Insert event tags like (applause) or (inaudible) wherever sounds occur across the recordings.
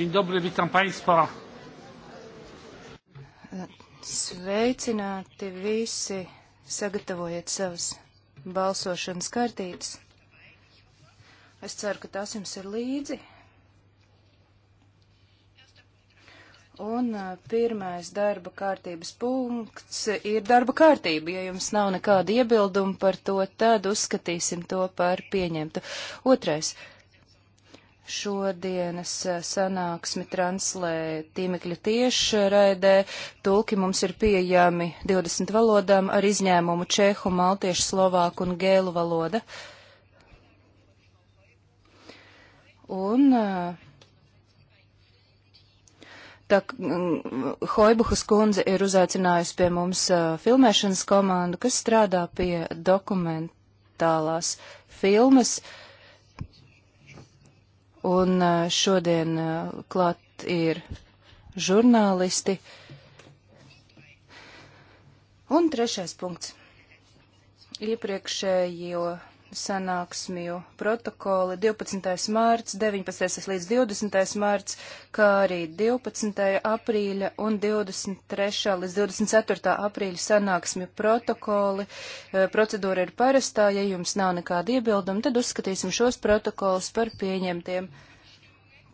Dzień dobry, witam Państwa. Sveicināti visi, sagatavojiet savas balsošanas kartītes. Es ceru, ka tās jums ir līdzi. Un pirmais darba kārtības punkts ir darba kārtība. Ja jums nav nekāda iebilduma par to, tad uzskatīsim to par pieņemtu. Otrais Šodienas eh, sanāksmi translē tīmekļa tiešraidē. Tulki mums ir pieejami 20 valodām ar izņēmumu čehu, maltiešu, slovāku un gēlu valoda. Un eh, tā Hoibuhas kundze ir uzaicinājusi pie mums eh, filmēšanas komandu, kas strādā pie dokumentālās filmas. Uh, Un šodien klāt ir žurnālisti. Un trešais punkts. Iepriekšējo sanāksmju protokoli 12. mārts, 19. līdz 20. mārts, kā arī 12. aprīļa un 23. līdz 24. aprīļa sanāksmju protokoli. Eh, procedūra ir parastā, ja jums nav nekāda iebilduma, tad uzskatīsim šos protokolus par pieņemtiem.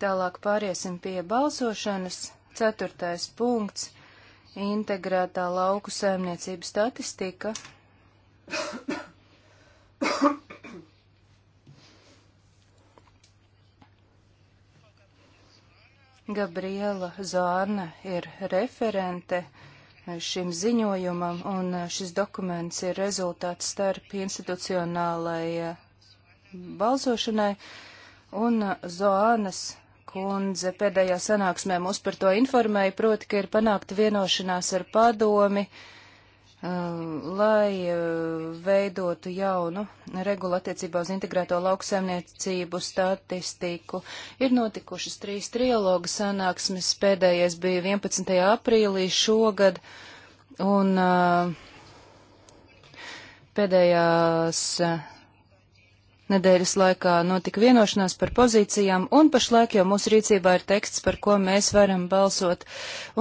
Tālāk pāriesim pie balsošanas. Ceturtais punkts - integrētā lauku saimniecības statistika. (coughs) Gabriela Zārna ir referente šim ziņojumam, un šis dokuments ir rezultāts starp institucionālai eh, balsošanai, un Zoānas kundze pēdējā sanāksmē mūs par to informēja, proti, ka ir panākta vienošanās ar padomi, uh, Uh, lai uh, veidotu jaunu regulu attiecībā uz integrēto lauksaimniecību statistiku. Ir notikušas trīs trialoga sanāksmes, pēdējais bija 11. aprīlī šogad, un uh, pēdējās Nedēļas laikā notika vienošanās par pozīcijām, un pašlaik jau mūsu rīcībā ir teksts, par ko mēs varam balsot.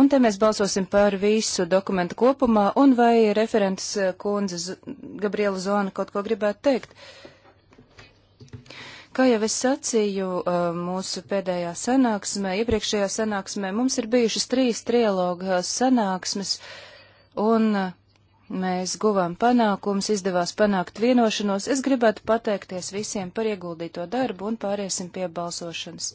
Un te mēs balsosim par visu dokumentu kopumā, un vai referents eh, kundze Gabriela Zona kaut ko gribētu teikt? Kā jau es sacīju eh, mūsu pēdējā sanāksmē, iepriekšējā sanāksmē, mums ir bijušas trīs trialoga eh, sanāksmes, un Mēs guvām panākums, izdevās panākt vienošanos. Es gribētu pateikties visiem par ieguldīto darbu un pāriesim pie balsošanas.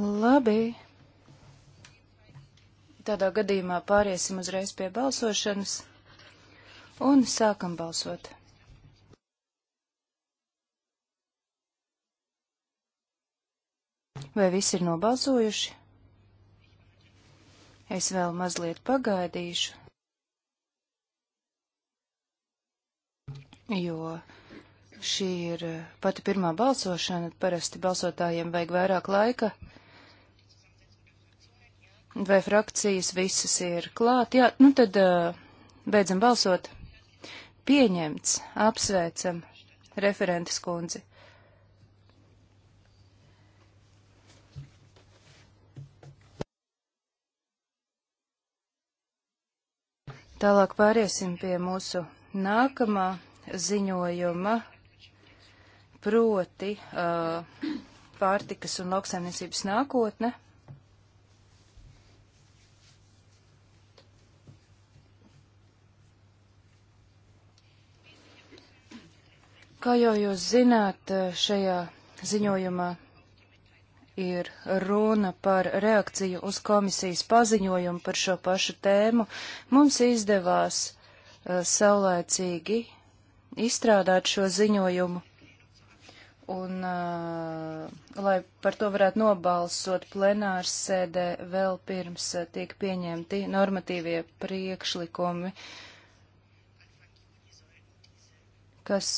Labi. Tādā gadījumā pāriesim uzreiz pie balsošanas un sākam balsot. Vai visi ir nobalsojuši? Es vēl mazliet pagaidīšu, jo šī ir pati pirmā balsošana. Parasti balsotājiem vajag vairāk laika. Vai frakcijas visas ir klāt? Jā, nu tad uh, beidzam balsot. Pieņemts, apsveicam referentes kundzi. Tālāk pāriesim pie mūsu nākamā ziņojuma, proti uh, pārtikas un lauksaimniecības nākotne. Kā jau jūs zināt, šajā ziņojumā ir runa par reakciju uz komisijas paziņojumu par šo pašu tēmu, mums izdevās uh, saulēcīgi izstrādāt šo ziņojumu. Un, uh, lai par to varētu nobalsot plenārs sēdē vēl pirms uh, tiek pieņemti normatīvie priekšlikumi, kas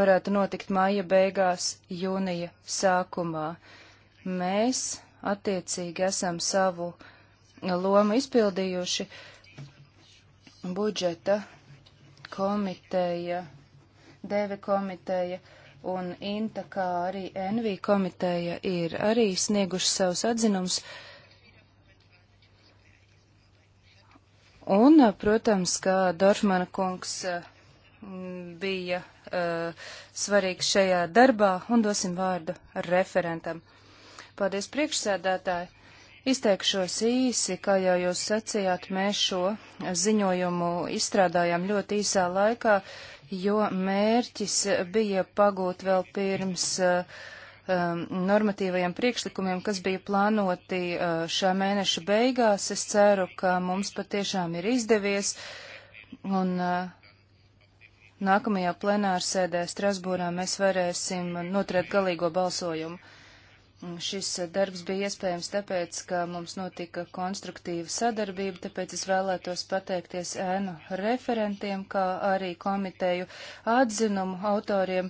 varētu notikt māja beigās, jūnija sākumā. Uh, mēs attiecīgi esam savu lomu izpildījuši budžeta komiteja, deve komiteja un INTA, kā arī NV komiteja ir arī snieguši savus atzinums. Un, protams, kā Dorfmana kungs mm, bija uh, svarīgs šajā darbā, un dosim vārdu referentam. Paldies, priekšsēdētāji! Izteikšos īsi, kā jau jūs sacījāt, mēs šo ziņojumu izstrādājām ļoti īsā laikā, jo mērķis bija pagūt vēl pirms uh, normatīvajiem priekšlikumiem, kas bija plānoti eh, šā mēneša beigās. Es ceru, ka mums patiešām ir izdevies. Un eh, nākamajā plenārsēdē Strasbūrā mēs varēsim noturēt galīgo balsojumu. Mm, šis eh, darbs bija iespējams tāpēc, ka mums notika konstruktīva sadarbība, tāpēc es vēlētos pateikties ēnu referentiem, kā arī komiteju atzinumu autoriem.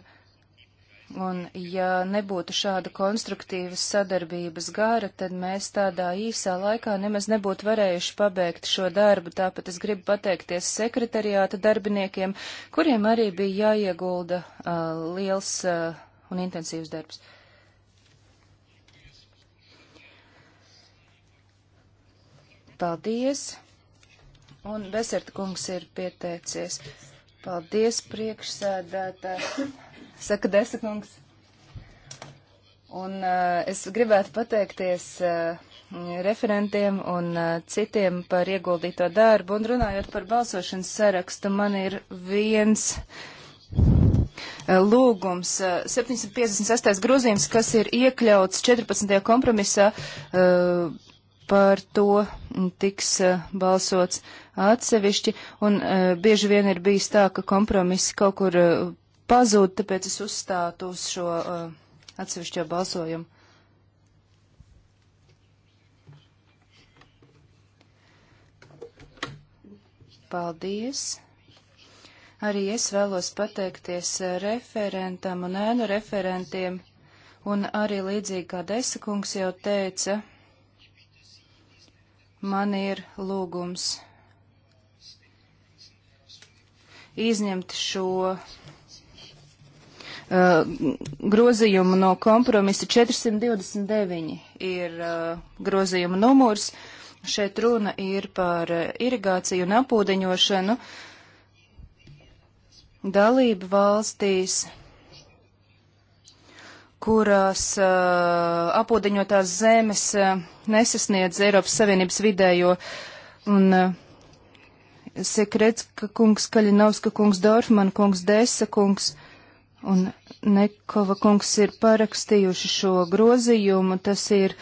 Un ja nebūtu šāda konstruktīvas sadarbības gara, tad mēs tādā īsā laikā nemaz nebūtu varējuši pabeigt šo darbu. Tāpat es gribu pateikties sekretariāta darbiniekiem, kuriem arī bija jāiegulda uh, liels uh, un intensīvs darbs. Uh, paldies. Un Beserta kungs ir pieteicies. Paldies, priekšsēdētāji. Saka Desakungs. Un uh, es gribētu pateikties uh, referentiem un uh, citiem par ieguldīto darbu. Un runājot par balsošanas sarakstu, man ir viens uh, lūgums. Uh, 756. grozījums, kas ir iekļauts 14. kompromisā. Uh, par to tiks eh, balsots atsevišķi, un eh, bieži vien ir bijis tā, ka kompromiss kaut kur eh, pazūd, tāpēc es uzstātu uz šo atsevišķo balsojumu. Paldies! Arī es vēlos pateikties referentam un ēnu referentiem, un arī līdzīgi kā Desa kungs jau teica, man ir lūgums izņemt šo Uh, grozījumu no kompromisa 429 ir uh, grozījuma numurs. Šeit runa ir par uh, irigāciju un apūdeņošanu dalību valstīs kurās uh, apūdeņotās zemes uh, nesasniedz Eiropas Savienības vidējo. Un uh, Sekretska kungs, Kaļinovska kungs, Dorfman kungs, Desa kungs un Nekova kungs ir parakstījuši šo grozījumu. Tas ir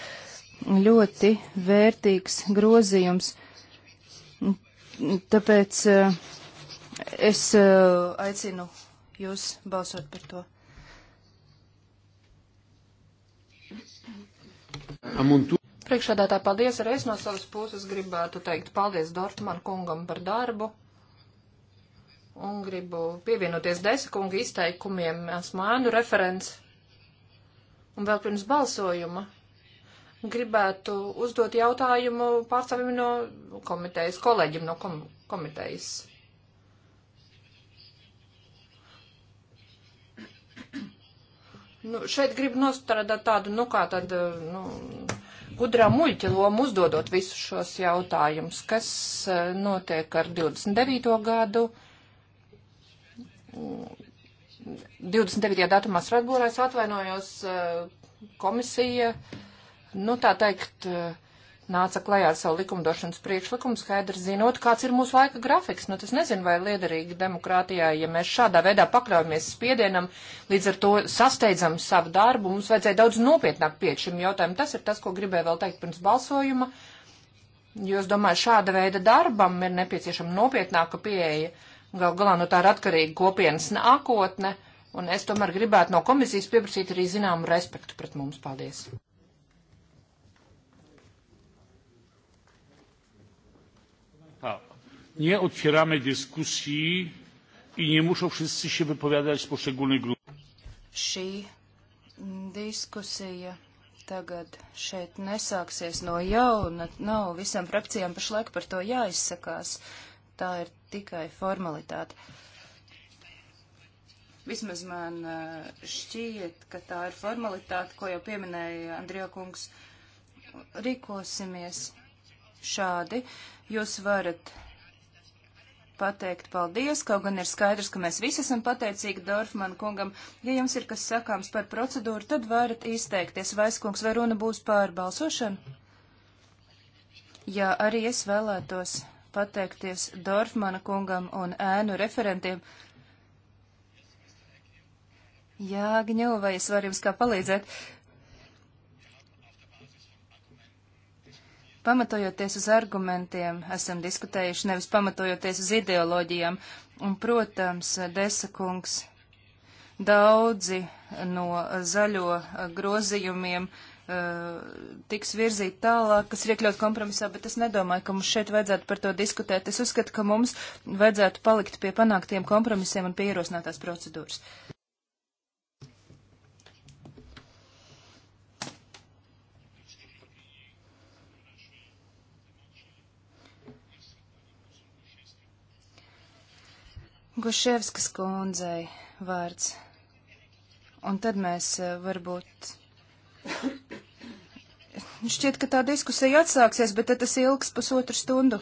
ļoti vērtīgs grozījums. Tāpēc uh, es uh, aicinu jūs balsot par to. Priekšādā tā paldies arī es no savas puses gribētu teikt paldies Dortmanu kungam par darbu un gribu pievienoties Desakunga izteikumiem, esmu ēnu referents. Un vēl pirms balsojuma gribētu uzdot jautājumu pārstāvim no komitejas, kolēģim no kom komitejas. Nu, šeit gribu nostrādāt tādu, nu, kā tādu, eh, nu, gudrā muļķa lomu uzdodot visus šos jautājumus, kas eh, notiek ar 29. gadu. 29. datumā Svetbūrā es atvainojos eh, komisija, nu, tā teikt, uh, nāca klajā ar savu likumdošanas priekšlikumu, skaidri zinot, kāds ir mūsu laika grafiks. Nu, tas nezinu, vai liederīgi demokrātijā, ja mēs šādā veidā pakļaujamies spiedienam, līdz ar to sasteidzam savu darbu, mums vajadzēja daudz nopietnāk pieiet šim jautājumam. Tas ir tas, ko gribēju vēl teikt pirms balsojuma, jo es domāju, šāda veida darbam ir nepieciešama nopietnāka pieeja. Gal galā no tā ir atkarīga kopienas nākotne, un es tomēr gribētu no komisijas pieprasīt arī zināmu respektu pret mums. Paldies! nie otwieramy dyskusji i nie muszą wszyscy się wypowiadać z poszczególnych grup. Šī diskusija tagad šeit nesāksies no jauna. Nav visām frakcijām pašlaik par to jāizsakās. Tā ir tikai formalitāte. Vismaz man eh, šķiet, ka tā ir formalitāte, ko jau pieminēja Andrija kungs. Rīkosimies šādi. Jūs varat pateikt paldies, kaut gan ir skaidrs, ka mēs visi esam pateicīgi Dorfman kungam. Ja jums ir kas sakāms par procedūru, tad varat izteikties. Vaiskungs, vai runa būs pār balsošanu? Jā, arī es vēlētos pateikties Dorfmana kungam un ēnu referentiem. Jā, Gņo, vai es varu jums kā palīdzēt? Pamatojoties uz argumentiem, esam diskutējuši, nevis pamatojoties uz ideoloģijām, un, protams, Desakungs daudzi no zaļo grozījumiem eh, tiks virzīt tālāk, kas ir iekļaut kompromisā, bet es nedomāju, ka mums šeit vajadzētu par to diskutēt. Es uzskatu, ka mums vajadzētu palikt pie panāktiem kompromisiem un pie ierosinātās procedūras. Guševskas kundzei vārds. Un tad mēs e, varbūt. Šķiet, ka tā diskusija atsāksies, bet tad tas ilgs pusotru stundu.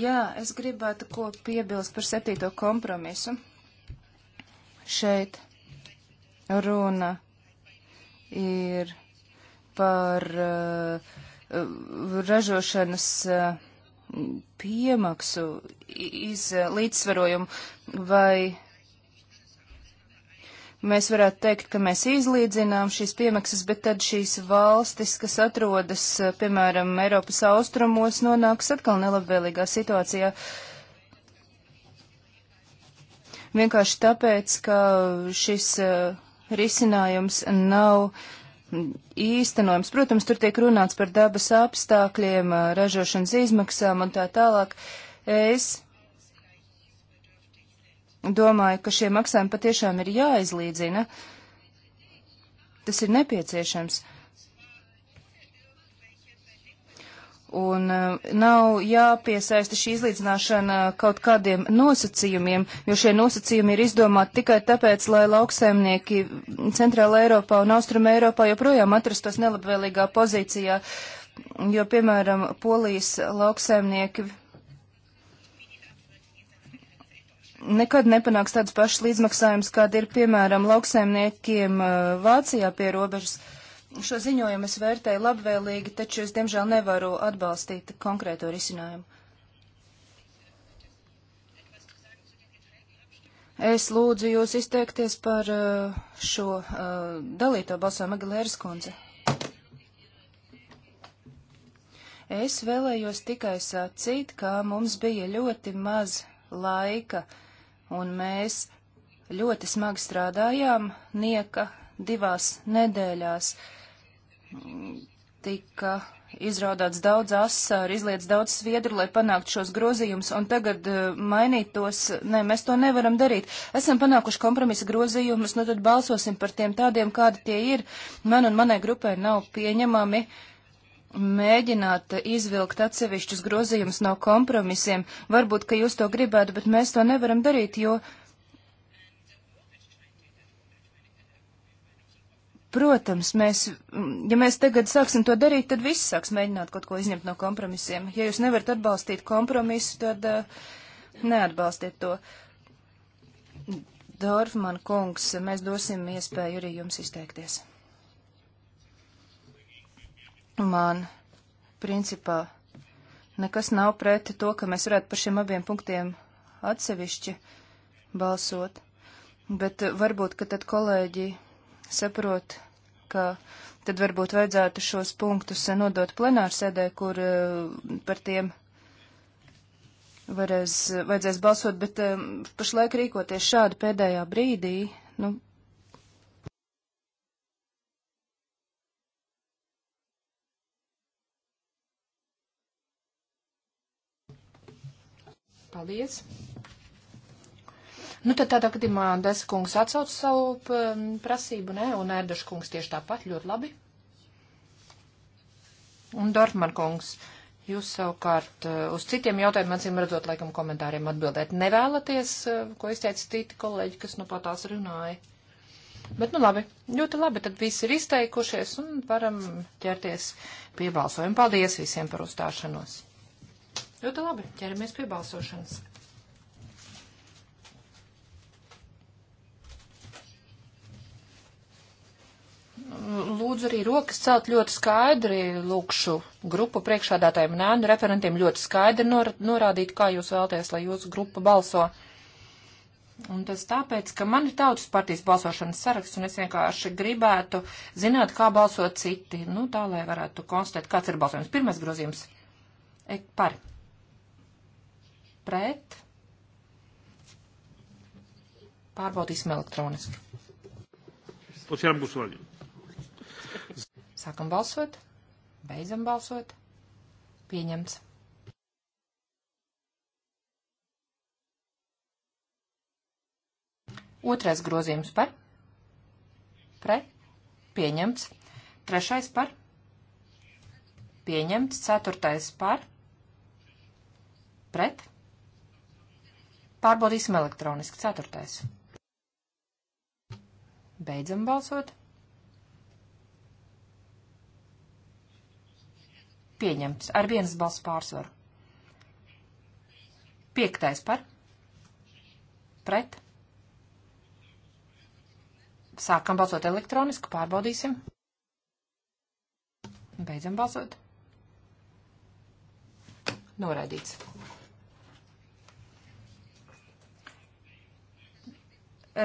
Jā, es gribētu ko piebilst par septīto kompromisu. Šeit runa ir par uh, ražošanas. Uh, piemaksu izlīdzsvarojumu, eh, vai mēs varētu teikt, ka mēs izlīdzinām šīs piemaksas, bet tad šīs valstis, kas atrodas, eh, piemēram, Eiropas austrumos, nonāks atkal nelabvēlīgā situācijā. Vienkārši tāpēc, ka šis eh, risinājums nav uh, īstenojums. Protams, tur tiek runāts par dabas apstākļiem, ražošanas izmaksām un tā tālāk. Es domāju, ka šie maksājumi patiešām ir jāizlīdzina. Tas ir nepieciešams. Un eh, nav jāpiesaista šī izlīdzināšana kaut kādiem nosacījumiem, jo šie nosacījumi ir izdomāti tikai tāpēc, lai lauksaimnieki Centrāla Eiropā un Austruma Eiropā joprojām atrastos nelabvēlīgā pozīcijā, jo, piemēram, polijas lauksaimnieki nekad nepanāks tādas pašas līdzmaksājumas, kāda ir, piemēram, lauksaimniekiem eh, Vācijā pie robežas. Uh, šo ziņojumu es vērtēju labvēlīgi, taču es diemžēl nevaru atbalstīt konkrēto risinājumu. Es lūdzu jūs izteikties par uh, šo uh, dalīto balsojumu Agilēras kundze. Es vēlējos tikai sacīt, ka mums bija ļoti maz laika, un mēs ļoti smagi strādājām nieka divās nedēļās. Uh, tika izraudāts daudz asāru, izlietas daudz sviedru, lai panāktu šos grozījumus, un tagad uh, mainīt tos, nē, mēs to nevaram darīt. Esam panākuši kompromisa grozījumus, nu tad balsosim par tiem tādiem, kādi tie ir. Man un manai grupai nav pieņemami mēģināt izvilkt atsevišķus grozījumus no kompromisiem. Varbūt, ka jūs to gribētu, bet mēs to nevaram darīt, jo. Uh, Protams, mēs, ja mēs tagad sāksim to darīt, tad viss sāks mēģināt kaut ko izņemt no kompromisiem. Ja jūs nevarat atbalstīt kompromisu, tad uh, neatbalstiet to. Dorfman kungs, mēs dosim iespēju arī jums izteikties. Man, principā, nekas nav preti to, ka mēs varētu par šiem abiem punktiem atsevišķi balsot, bet eh, varbūt, ka tad kolēģi saprot, ka tad varbūt vajadzētu šos punktus nodot plenārsēdē, kur eh, par tiem varēs, vajadzēs balsot, bet um, pašlaik rīkoties šādi pēdējā brīdī, nu. Paldies! Nu, tad tādā gadījumā Desa kungs atsauc savu um, prasību, nē, un Erdaša kungs tieši tāpat ļoti labi. Un Dortmar kungs, jūs savukārt uh, uz citiem jautājumiem, acīm redzot, laikam komentāriem atbildēt nevēlaties, uh, ko izteica citi kolēģi, kas nu pat tās runāja. Bet, nu labi, ļoti labi, tad visi ir izteikušies un varam ķerties pie balsojuma. Paldies visiem par uzstāšanos. Ļoti labi, ķeramies pie balsošanas. lūdzu arī rokas celt ļoti skaidri, lūkšu grupu priekšādātājiem un ēnu referentiem ļoti skaidri nor norādīt, kā jūs vēlties, lai jūsu grupa balso. Un tas tāpēc, ka man ir tautas partijas balsošanas saraksts, un es vienkārši gribētu zināt, kā balso citi, nu tā, lai varētu konstatēt, kāds ir balsojums. Pirmais grozījums e, - par. Pret. Pārbaudīsim elektroniski. Otwieram głosowanie. Sākam balsot, beidzam balsot. Pieņemts. Otrais grozījums par. Pret. Pieņemts. Trešais par. Pieņemts. Ceturtais par. Pret. Pārbaudīsim elektroniski. Ceturtais. Beidzam balsot. pieņemts ar vienas balss pārsvaru. Piektais par. Pret. Sākam balsot elektroniski, pārbaudīsim. Beidzam balsot. Noraidīts.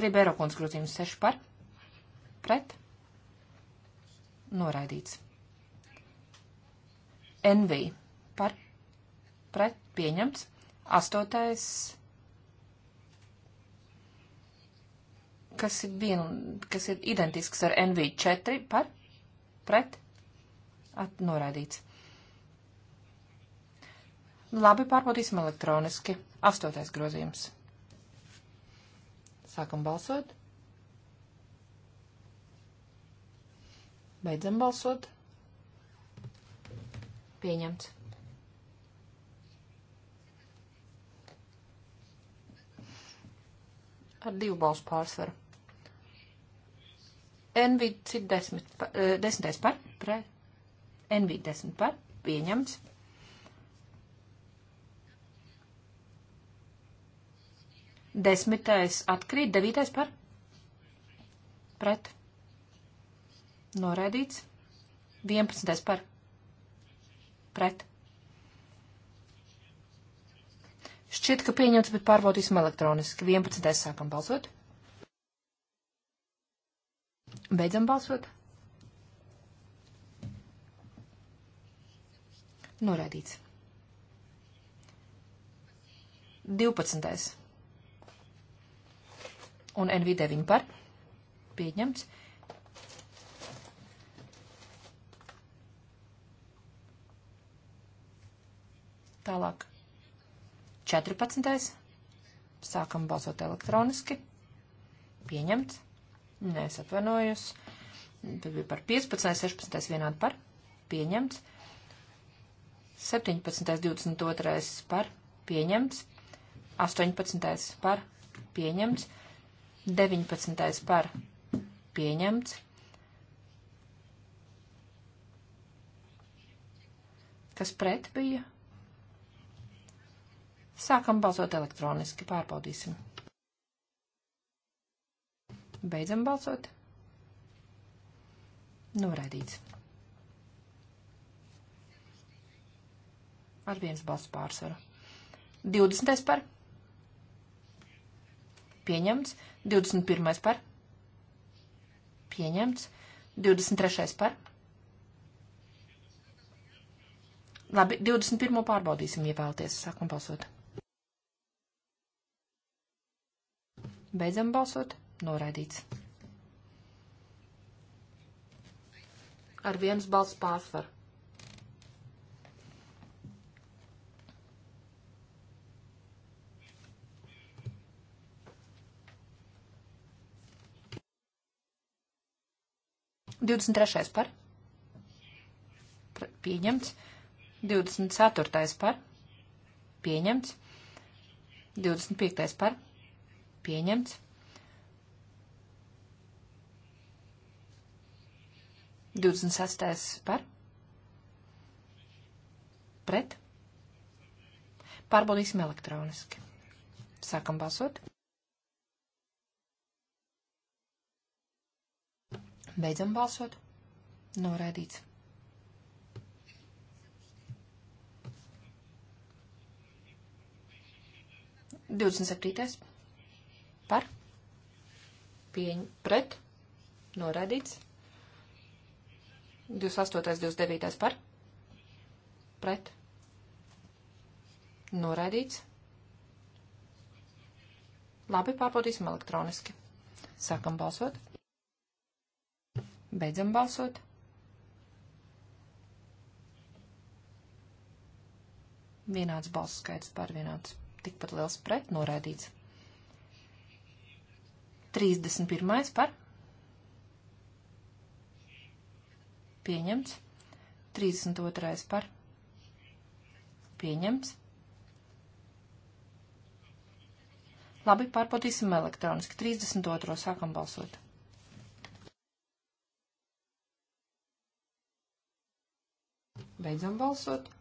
Ribero kundz grozījums 6 par. Pret. Noraidīts. NV par pret pieņemts. Astotais, kas ir, vien, kas ir identisks ar NV4 par pret at, noraidīts. Labi, pārbaudīsim elektroniski. Astotais grozījums. Sākam balsot. Beidzam balsot. Pieņemts. Ar divu balsu pārsvaru. NVD ir desmit, eh, desmitais par, pre, NVD desmit par, pieņemts. Desmitais atkrīt, devītais par, pret, noraidīts. Vienpadsmitais par, Pret. Šķiet, ka pieņemts, bet pārbaudīsim elektroniski. 11. sākam balsot. Beidzam balsot. Noraidīts. 12. Un NV9 par. Pieņemts. Tālāk. 14. Sākam balsot elektroniski. Pieņemts. Nē, es atvainojos. Tad bija par 15, 16 vienādi par. Pieņemts. 17, 22 par. Pieņemts. 18 par. Pieņemts. 19 par. Pieņemts. Kas pret bija? Sākam balsot elektroniski, pārbaudīsim. Beidzam balsot. Noraidīts. Ar viens balsu pārsvaru. 20. par. Pieņemts. 21. par. Pieņemts. 23. par. Labi, 21. pārbaudīsim, ja vēlaties. Sākam balsot. Beidzam balsot. Noraidīts. Ar vienas balss pārsvaru. Divdesmit trešais par. Pieņemts. Divdesmit ceturtais par. Pieņemts. Divdesmit piektais par pieņemts. 26. par. Pret. Pārbaudīsim elektroniski. Sākam balsot. Beidzam balsot. Noraidīts. Divdesmit septītais Par? Pieņ, pret? Noraidīts. 28. 29. par? Pret? Noraidīts. Labi, pārbaudīsim elektroniski. Sākam balsot. Beidzam balsot. Vienāds balsu skaits par vienāds tikpat liels pret noraidīts. 31. par. Pieņemts. 32. par. Pieņemts. Labi, pārbaudīsim elektroniski. 32. sākam balsot. Beidzam balsot.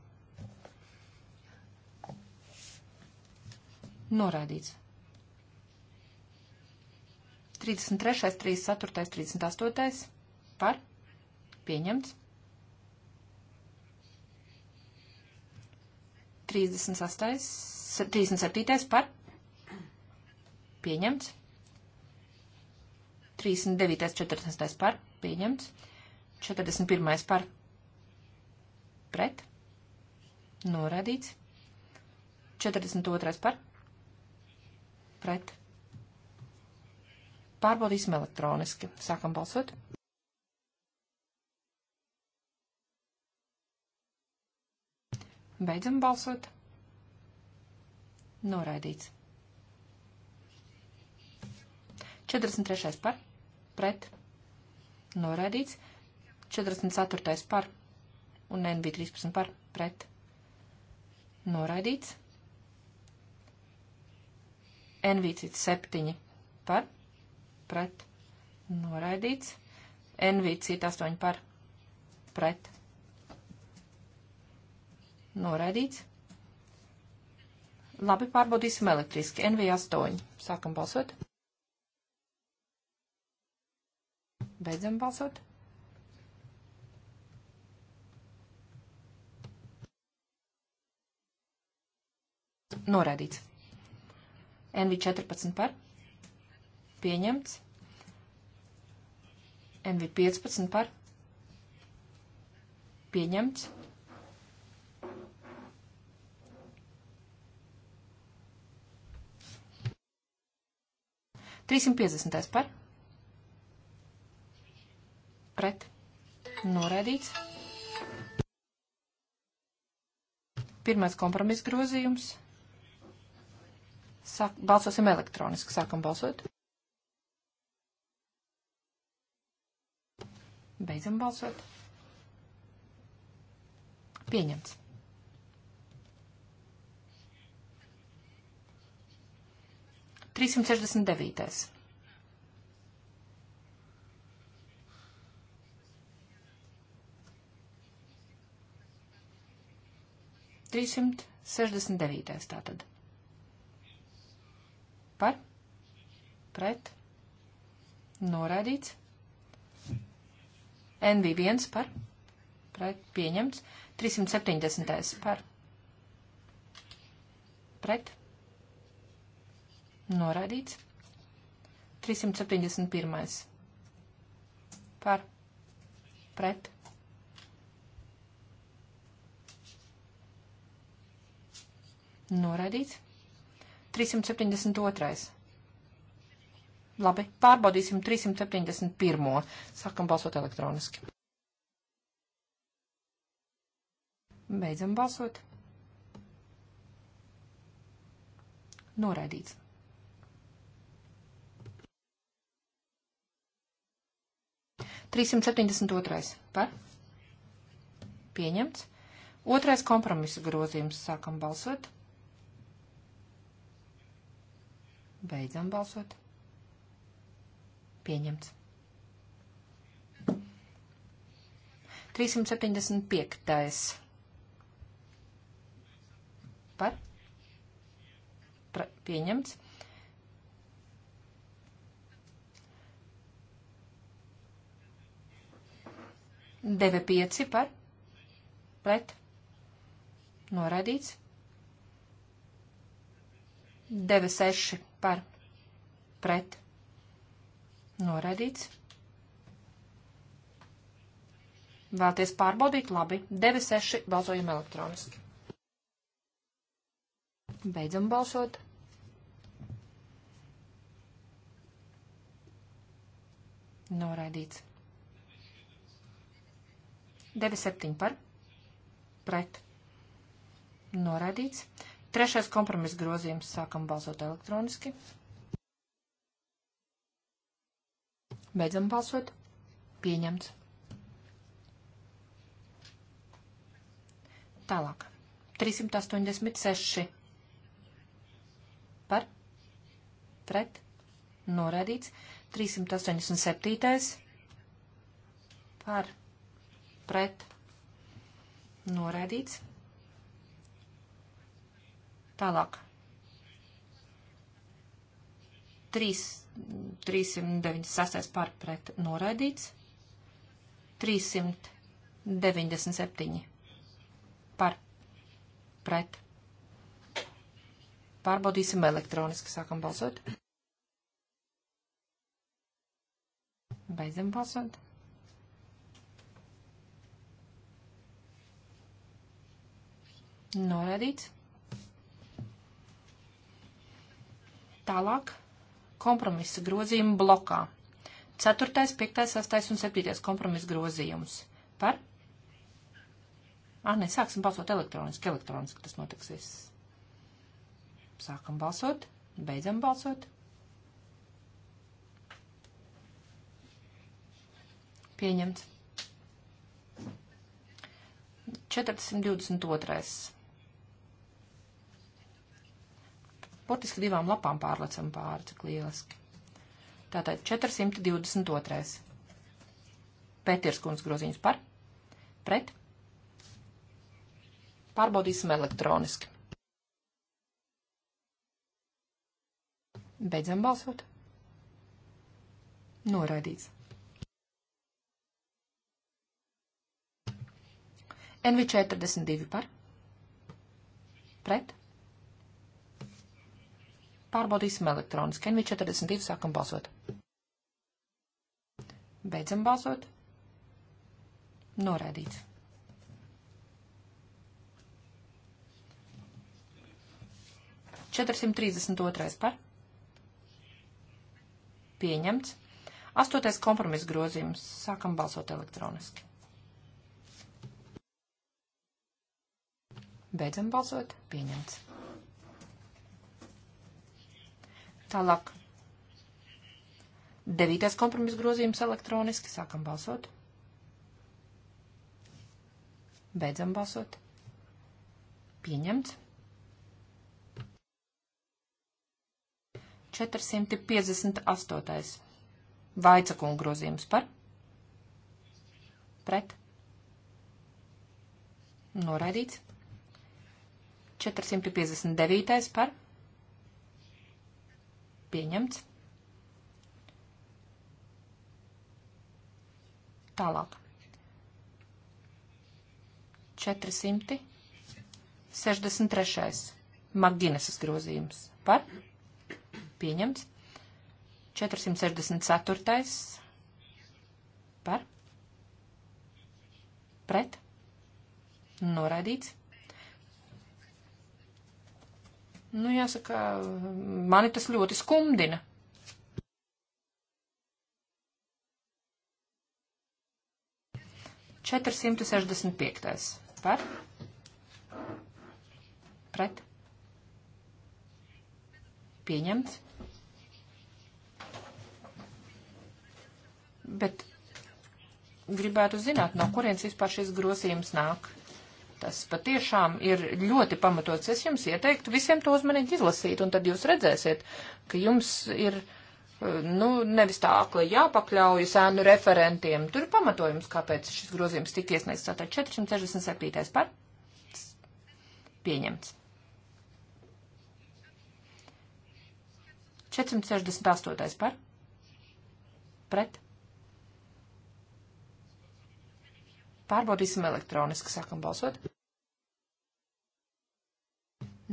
Norādīts. 33, 34, 38 par pieņemts. 38, 37 par pieņemts. 39, 40 par pieņemts. 41 par pret norādīts. 42 par pret Pārbaudīsim elektroniski. Sākam balsot. Beidzam balsot. Noraidīts. 43. par, pret, noraidīts, 44. par un NB 13 par, pret, noraidīts, NV 7 par, pret noraidīts. NV cita 8 par pret noraidīts. Labi, pārbaudīsim elektriski. NV8. Sākam balsot. Beidzam balsot. Norādīts. NV14 par. Pieņemts. NV15 par. Pieņemts. Trīsimt piecdesmitais par. Pret. Noraidīts. Pirmais kompromiss grozījums. Sāk, balsosim elektroniski. Sākam balsot. Beidzam balsot. Pieņemts. Trīsimt sešdesmit devītais. Trīsimt sešdesmit devītais tātad. Par? Pret? Noraidīts? NV1 par pret pieņemts. 370. par pret noraidīts. 371. par pret. Noraidīts. 372. Labi, pārbaudīsim 371. Sākam balsot elektroniski. Beidzam balsot. Noraidīts. Trīsimt septiņdesmit otrais. Par? Pieņemts. Otrais kompromisa grozījums. Sākam balsot. Beidzam balsot. Pieņemts. 375. Par? Pra, pieņemts. Deve pieci par? Pret? Noraidīts. Deve seši par? Pret? Noraidīts. Vēlties pārbaudīt? Labi. 9-6 balsojam elektroniski. Beidzam balsot. Noraidīts. 9-7 par. Pret. Noraidīts. Trešais kompromiss grozījums. Sākam balsot elektroniski. 9-7. Beidzam balsot. Pieņemts. Tālāk. 386 par pret norādīts. 387 par pret norādīts. Tālāk. 3, 396 par pret noraidīts, 397 par pret. Pārbaudīsim elektroniski, sākam balsot. Beidzam balsot. Norādīts. Tālāk kompromisa grozījumu blokā. 4., 5., 6. un 7. kompromisa grozījums. Par? Ā, nē, sāksim balsot elektroniski. Elektroniski tas notiks viss. Sākam balsot, beidzam balsot. Pieņemts. 422. Portiski divām lapām pārlecam pāri, cik lieliski. Tātad 422. Pēters kundz groziņš par, pret. Pārbaudīsim elektroniski. Beidzam balsot. Noraidīts. NV42 par. Pret. Pārbaudīsim elektroniski. NV42 sākam balsot. Beidzam balsot. Noraidīts. Četrsimt trīsdesmit otrais par. Pieņemts. Astotais kompromiss grozījums. Sākam balsot elektroniski. Beidzam balsot. Pieņemts. Tālāk. Devītais kompromiss grozījums elektroniski. Sākam balsot. Beidzam balsot. Pieņemts. 458. Vaicakunga grozījums par? Pret? Noraidīts. 459. par? Pieņemts. Tālāk. 463. Maginesas grozījums. Par? Pieņemts. 464. Par? Pret? Noraidīts. Nu, jāsaka, mani tas ļoti skumdina. Četrsimti sešdesmit piektais. Par? Pret? Pieņemts? Bet gribētu zināt, no kurienes vispār šis grozījums nāk. Tas patiešām ir ļoti pamatots. Es jums ieteiktu visiem to uzmanīgi izlasīt, un tad jūs redzēsiet, ka jums ir, eh, nu, nevis tā akli jāpakļaujas ēnu referentiem. Tur ir pamatojums, kāpēc šis grozījums tika iesniegts. Tātad 467. par pieņemts. 468. par pret Pārbaudīsim elektroniski, sākam balsot.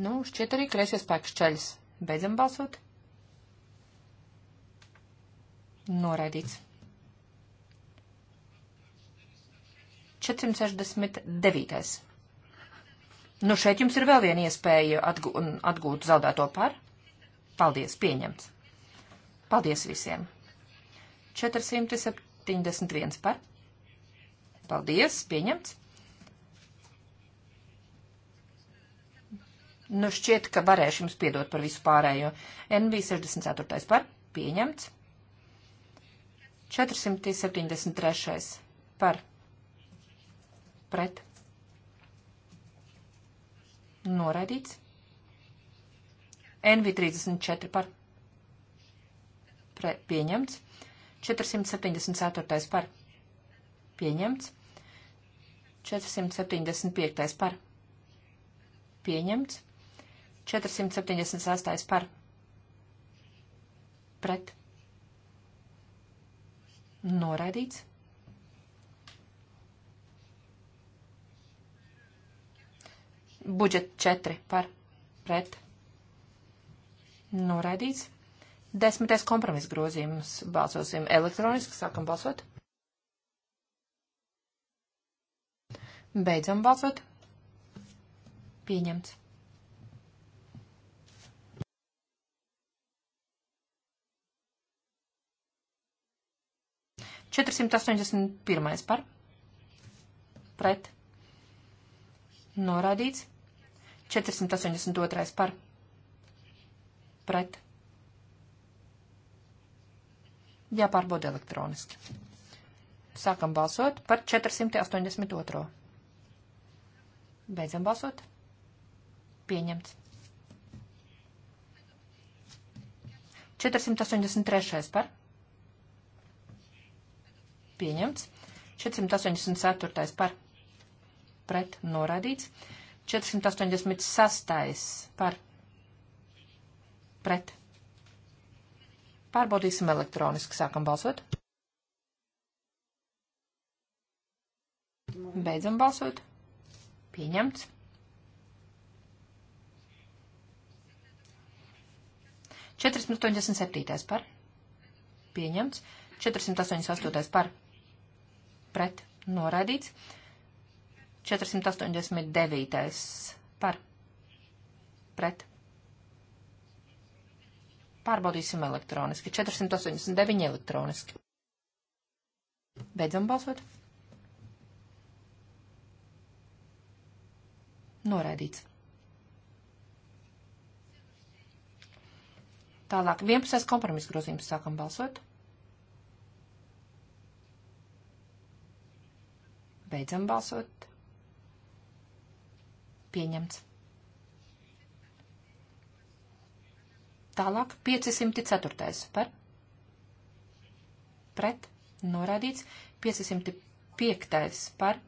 Nu, šķiet arī kreisies spēks ceļas. Beidzam balsot. Noraidīts. 469. Nu, šeit jums ir vēl viena iespēja atgū, atgūt zaudēto par. Paldies, pieņemts. Paldies visiem. 471 par. Paldies, pieņemts. Nu, šķiet, ka varēšu jums piedot par visu pārējo. NB 64. par pieņemts. 473. par pret. Noraidīts. NV 34 par pret. pieņemts. 474. par pret Pieņemts. 475. par. Pieņemts. 478. par. Pret. Noraidīts. 4. Budžet 4 par. Pret. Noraidīts. Desmitais kompromiss grozījums balsosim elektroniski. Sākam balsot. Beidzam balsot. Pieņemts. Četrsimt astoņdesmit pirmais par. Pret. Norādīts. 482 par. Pret. Jāpārbauda elektroniski. Sākam balsot par 482. Beidzam balsot. Pieņemts. 483. par. Pieņemts. 484. par. Pret noraidīts. 486. par. Pret. Pārbaudīsim elektroniski. Sākam balsot. Beidzam balsot. Pieņemts. Četrsimt astoņdesmit septītais par. Pieņemts. Četrsimt astoņdesmit astotais par. Pret. Noraidīts. 489. par pret. Pārbaudīsim elektroniski. 489 elektroniski. Beidzam balsot. Noraidīts. Tālāk 11. kompromisa grozījums sākam balsot. Beidzam balsot. Pieņemts. Tālāk 504. par pret norādīts 505. par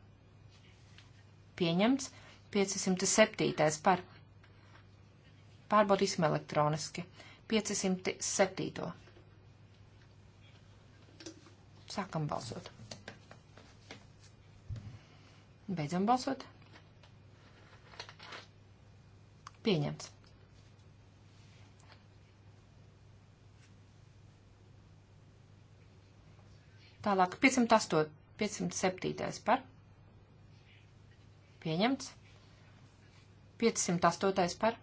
pieņemts 507. par. Pārbaudīsim elektroniski. 507. Sākam balsot. Beidzam balsot. Pieņemts. Tālāk 508, 507 par. Pieņemts. 508 par.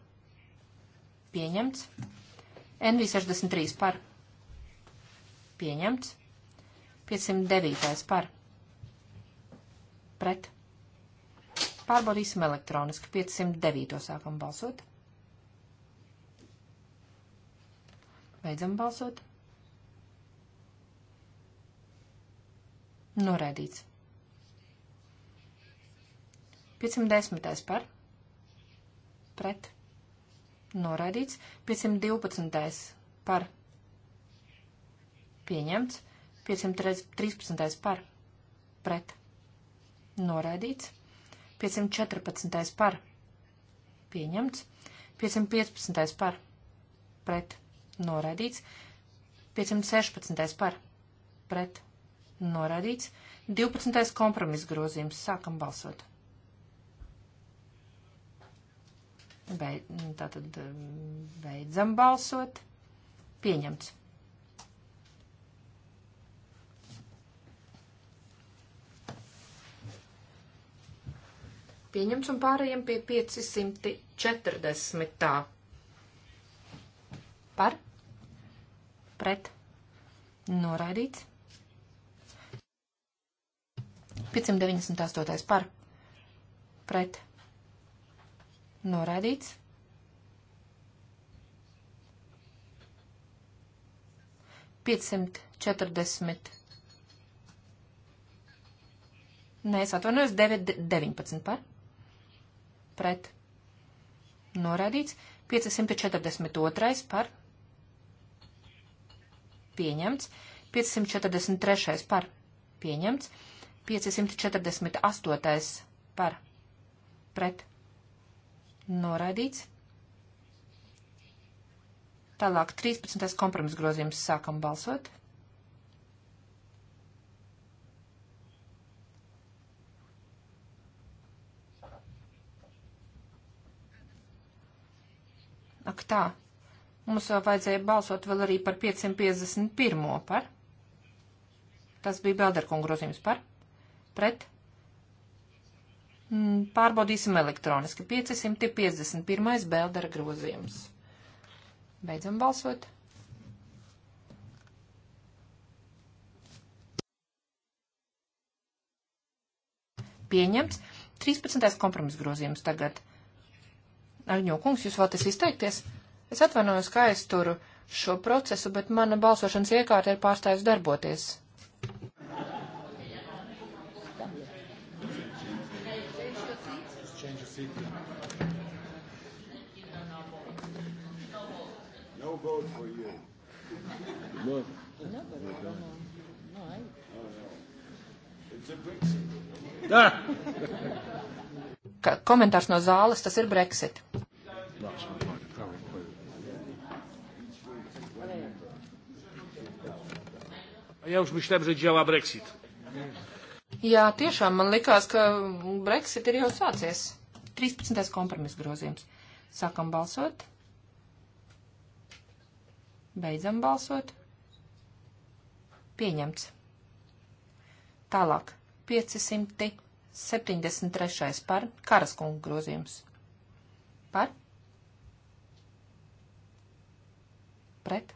Pieņemts. NV63 par. Pieņemts. 509 par. Pret. Pārbaudīsim elektroniski. 509 sākam balsot. Beidzam balsot. Noraidīts. 510 par pret noraidīts, 512. par pieņemts, 513. par pret noraidīts, 514. par pieņemts, 515. par pret noraidīts, 516. par pret noraidīts, 12. kompromiss grozījums sākam balsot. Beid, tātad um, beidzam balsot. Pieņemts. Pieņemts un pārējiem pie 540. Par? Pret? Noraidīts? 598. par? Pret? Noraidīts. Piecsimt četrdesmit. Nē, es atvainojos, 19 par. Pret. Noraidīts. 542 par. Pieņemts. 543 par. Pieņemts. 548 par. Pret. Noraidīts. Tālāk 13. kompromis grozījums sākam balsot. Ak tā, mums vēl vajadzēja balsot vēl arī par 551. par. Tas bija Belderkunga grozījums par. Pret. Mm, pārbaudīsim elektroniski. 551. Beldera grozījums. Beidzam balsot. Pieņemts. 13. kompromis grozījums tagad. Agņo kungs, jūs vēlaties izteikties? Es atvainojos, ka aizturu šo procesu, bet mana balsošanas iekārta ir pārstājusi darboties. Merci. No vote for you. No. No, but I don't know. No, I. Oh, no. It's a Brexit. Ah! Komentārs no zāles, tas ir Brexit. Last one. Ja już myślałem, że działa Brexit. Jā, tiešām man likās, ka Brexit ir jau sācies. 13. kompromis grozījums. Sākam balsot. Beidzam balsot. Pieņemts. Tālāk. 573. par karaskungu grozījums. Par? Pret?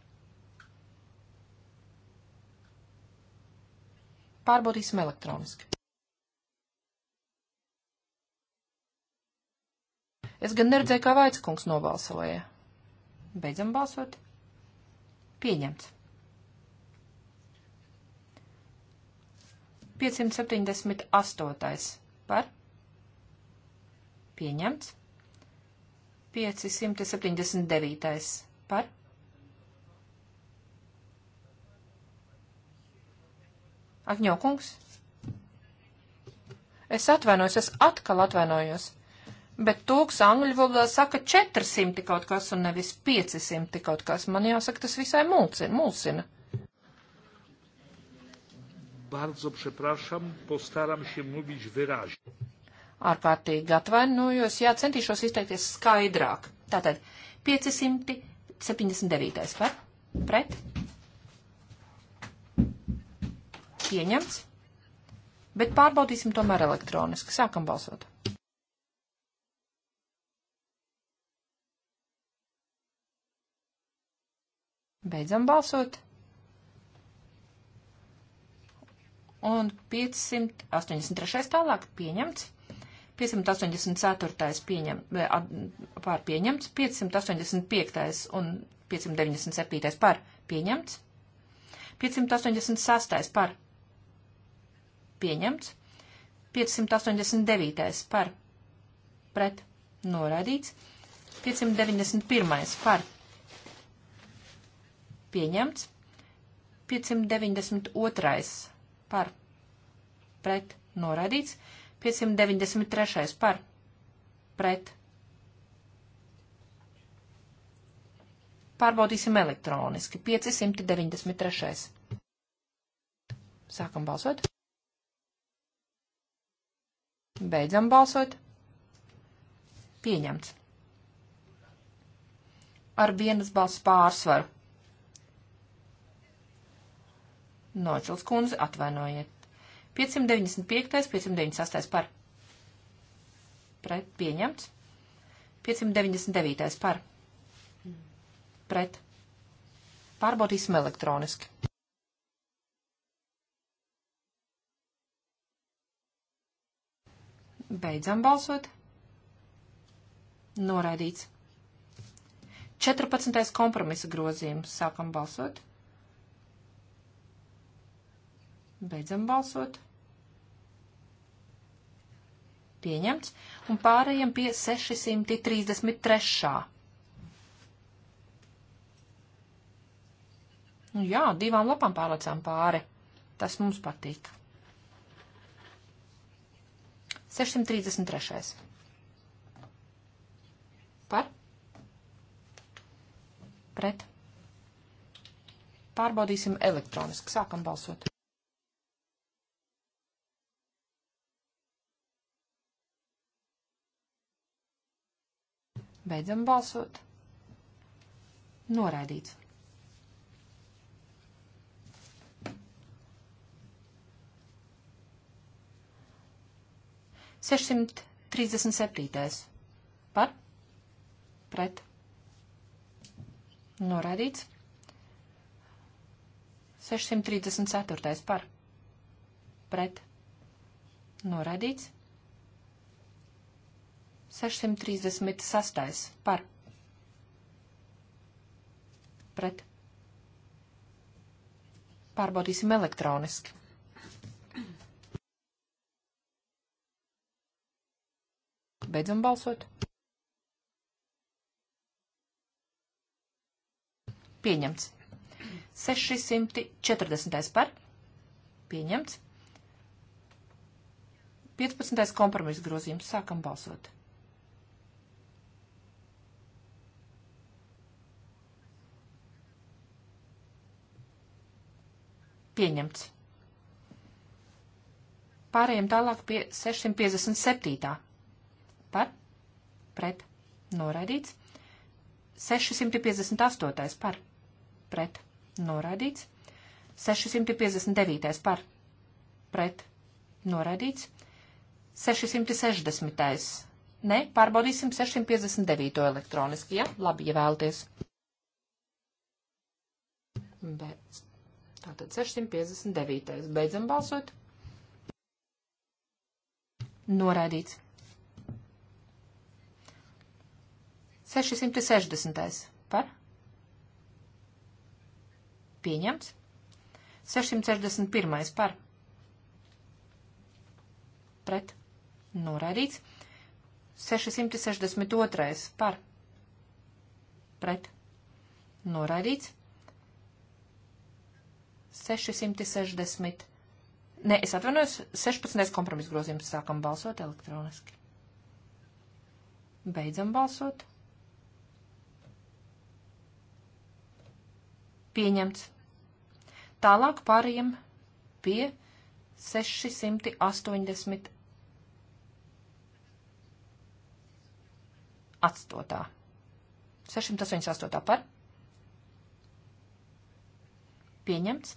Pārbaudīsim elektroniski. Es gan neredzēju, kā Vaidskungs nobalsoja. Beidzam balsot. Pieņemts. 578. Par? Pieņemts. 579. Par? Agņokungs? Es atvainojos, es atkal atvainojos bet tūks angļu valodā saka 400 kaut kas un nevis 500 kaut kas. Man jāsaka, tas visai mulcina. mulcina. Bardzo przepraszam, postaram się mówić wyraźnie. Ārkārtīgi atvainojos, jā, centīšos izteikties skaidrāk. Tātad 579. par pret. Pieņemts. Bet pārbaudīsim tomēr elektroniski. Sākam balsot. Beidzam balsot. Un 583. tālāk pieņemts. 584. Pieņem, pār pieņemts, 585. un 597. par pieņemts, 586. par pieņemts, 589. par pret noraidīts, 591. par pieņemts pieņemts. 592. par pret noraidīts. 593. par pret. Pārbaudīsim elektroniski. 593. Sākam balsot. Beidzam balsot. Pieņemts. Ar vienas balss pārsvaru. Nocils kundze, atvainojiet. 595. 598. par. Pret. Pieņemts. 599. par. Pret. Pārbaudīsim elektroniski. Beidzam balsot. Noraidīts. 14. kompromisa grozījums. Sākam balsot. 14. Beidzam balsot. Pieņemts. Un pārējiem pie 633. Nu jā, divām lapām pārlecām pāri. Tas mums patīk. 633. Par? Pret? Pārbaudīsim elektroniski. Sākam balsot. Beidzam balsot. Noraidīts. Sešsimt trīsdesmit septītais. Par? Pret. Noraidīts. 634. par. Pret. Noraidīts. 636. par. Pret. Pārbaudīsim elektroniski. Beidzam balsot. Pieņemts. 640. par. Pieņemts. 15. kompromisa grozījums. Sākam balsot. Pieņemts. Pārējiem tālāk pie 657. Par? Pret. Noraidīts. 658. Par? Pret. Noraidīts. 659. Par? Pret. Noraidīts. 660. Nē, pārbaudīsim 659. elektroniski, ja? Labi, ja vēlaties. Bet Tātad 659. Beidzam balsot. Noraidīts. 660. Par? Pieņemts. 661. Par? Pret? Noraidīts. 662. Par? Pret? Noraidīts. 660. Nē, es atvainojos, 16. kompromiss grozījums sākam balsot elektroniski. Beidzam balsot. Pieņemts. Tālāk pārējiem pie 680 atstotā. 688 par. Pieņemts.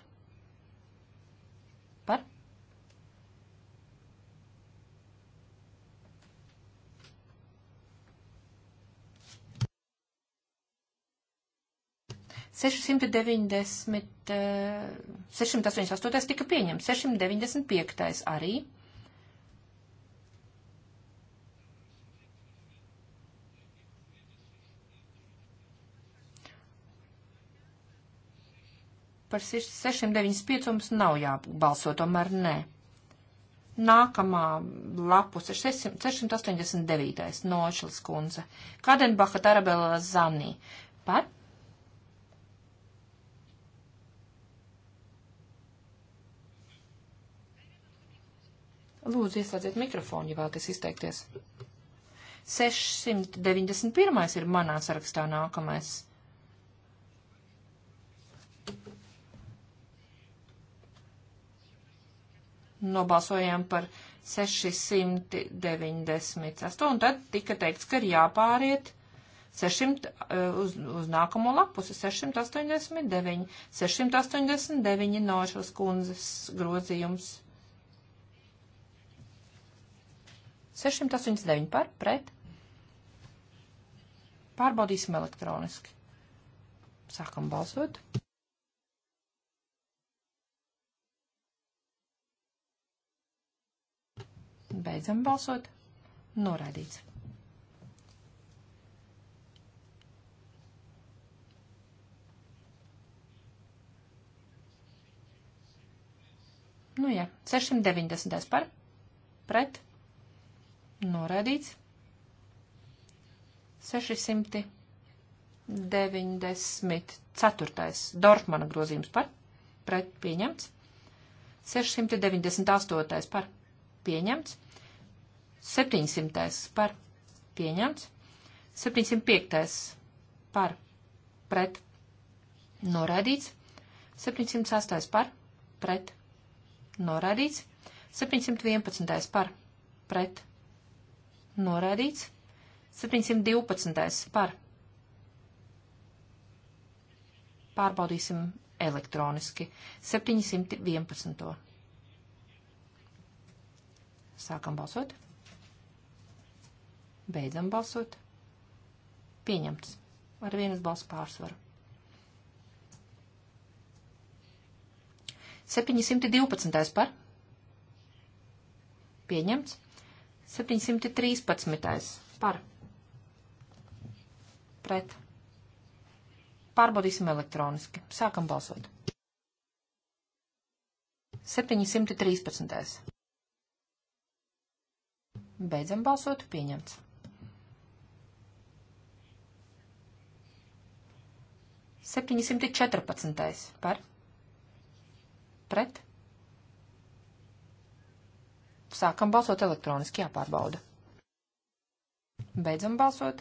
690, 688 eh, tika pieņemts, 695 arī. Par 695 mums nav jābalso, tomēr nē. Nākamā lapuse 689. Nošlis kundze. Kadenbacha Tarabela Zanī. Par Lūdzu, ieslēdziet mikrofonu, ja vēlaties izteikties. 691. ir manā sarakstā nākamais. Nobalsojām par 698, un tad tika teikts, ka ir jāpāriet 600, eh, uz, uz nākamo lapusi 689, 689 no šos kundzes grozījums. 689 par, pret. Pārbaudīsim elektroniski. Sākam balsot. Beidzam balsot. Noraidīts. Nu jā, 690 par, pret Noraidīts. 694. Dorfmana grozījums par. Pret pieņemts. 698. par. Pieņemts. 700. par. Pieņemts. 705. par. Pret. Noraidīts. 708. par. Pret. Noraidīts. 711. par. Pret Noraidīts. 712. par. Pārbaudīsim elektroniski. 711. Sākam balsot. Beidzam balsot. Pieņemts. Ar vienas balsu pārsvaru. 712. par. Pieņemts. 713. par. Pret. Pārbaudīsim elektroniski. Sākam balsot. 713. Beidzam balsot. Pieņemts. Septiņsimti četrpadsmitais par pret Sākam balsot elektroniski, jāpārbauda. Beidzam balsot.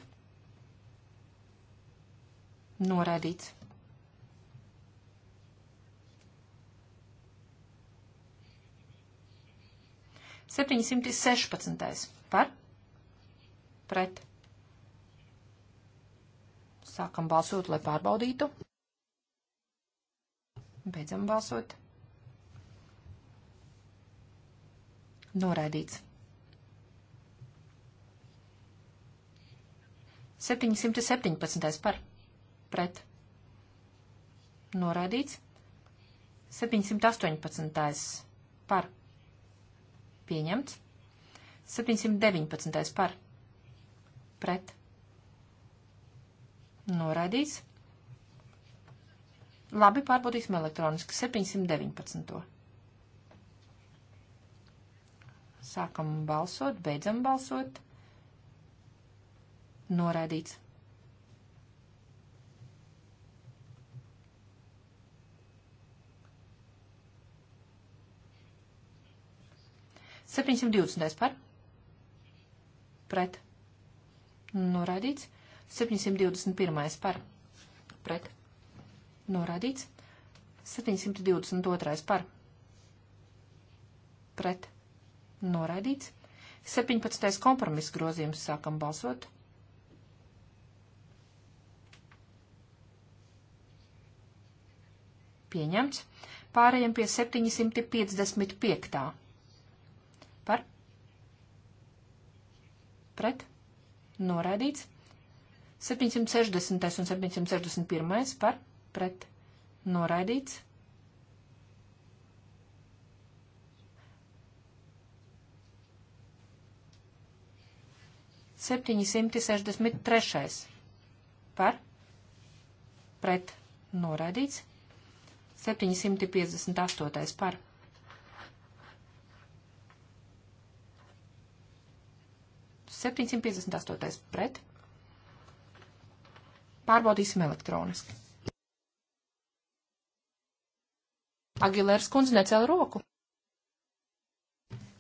Noraidīts. Septiņsimti sešpadsmitais. Par? Pret. Sākam balsot, lai pārbaudītu. Beidzam balsot. Noraidīts. 717. par. Pret. Noraidīts. 718. par. Pieņemts. 719. par. Pret. Noraidīts. Labi, pārbaudīsim elektroniski 719. Sākam balsot, beidzam balsot. Noraidīts. Septiņsimt divdesmitais par. Pret. Noraidīts. 721. par. Pret. Noraidīts. 722. par. Pret. Noraidīts. 17. kompromiss grozījums sākam balsot. Pieņemts. Pārējiem pie 755. Par. Pret. Noraidīts. 760. un 761. par. Pret. Noraidīts. 763. Par? Pret? Noraidīts. 758. Par? Septiņsimt piecdesmit astotais pret. Pārbaudīsim elektroniski. Agilērs kundze necēla roku.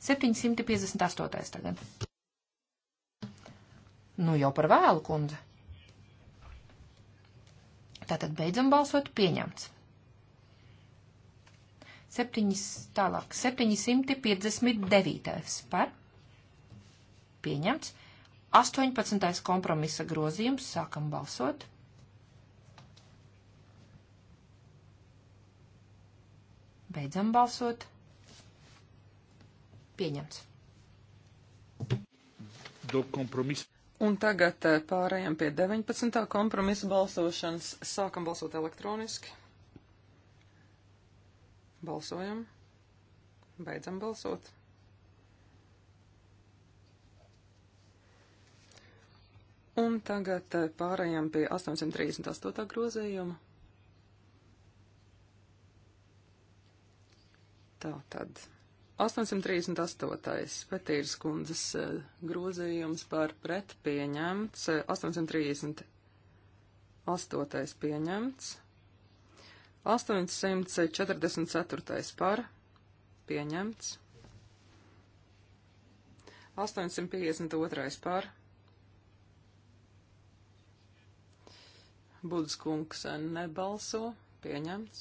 758. tagad. Nu jau par vēlu, kundze. Tātad beidzam balsot pieņemts. Septiņas, tālāk, 759. par. Pieņemts. 18. kompromisa grozījums. Sākam balsot. Beidzam balsot. Pieņemts. Do kompromisa. Un tagad eh, pārējām pie 19. kompromisa balsošanas. Sākam balsot elektroniski. Balsojam. Beidzam balsot. Un tagad eh, pārējām pie 838. grozījuma. Tā tad. 838. Petīras kundzes eh, grozījums par pret eh, pieņemts, 838. pieņemts, 844. par pieņemts, 852. par Budas kungs eh, nebalso pieņemts.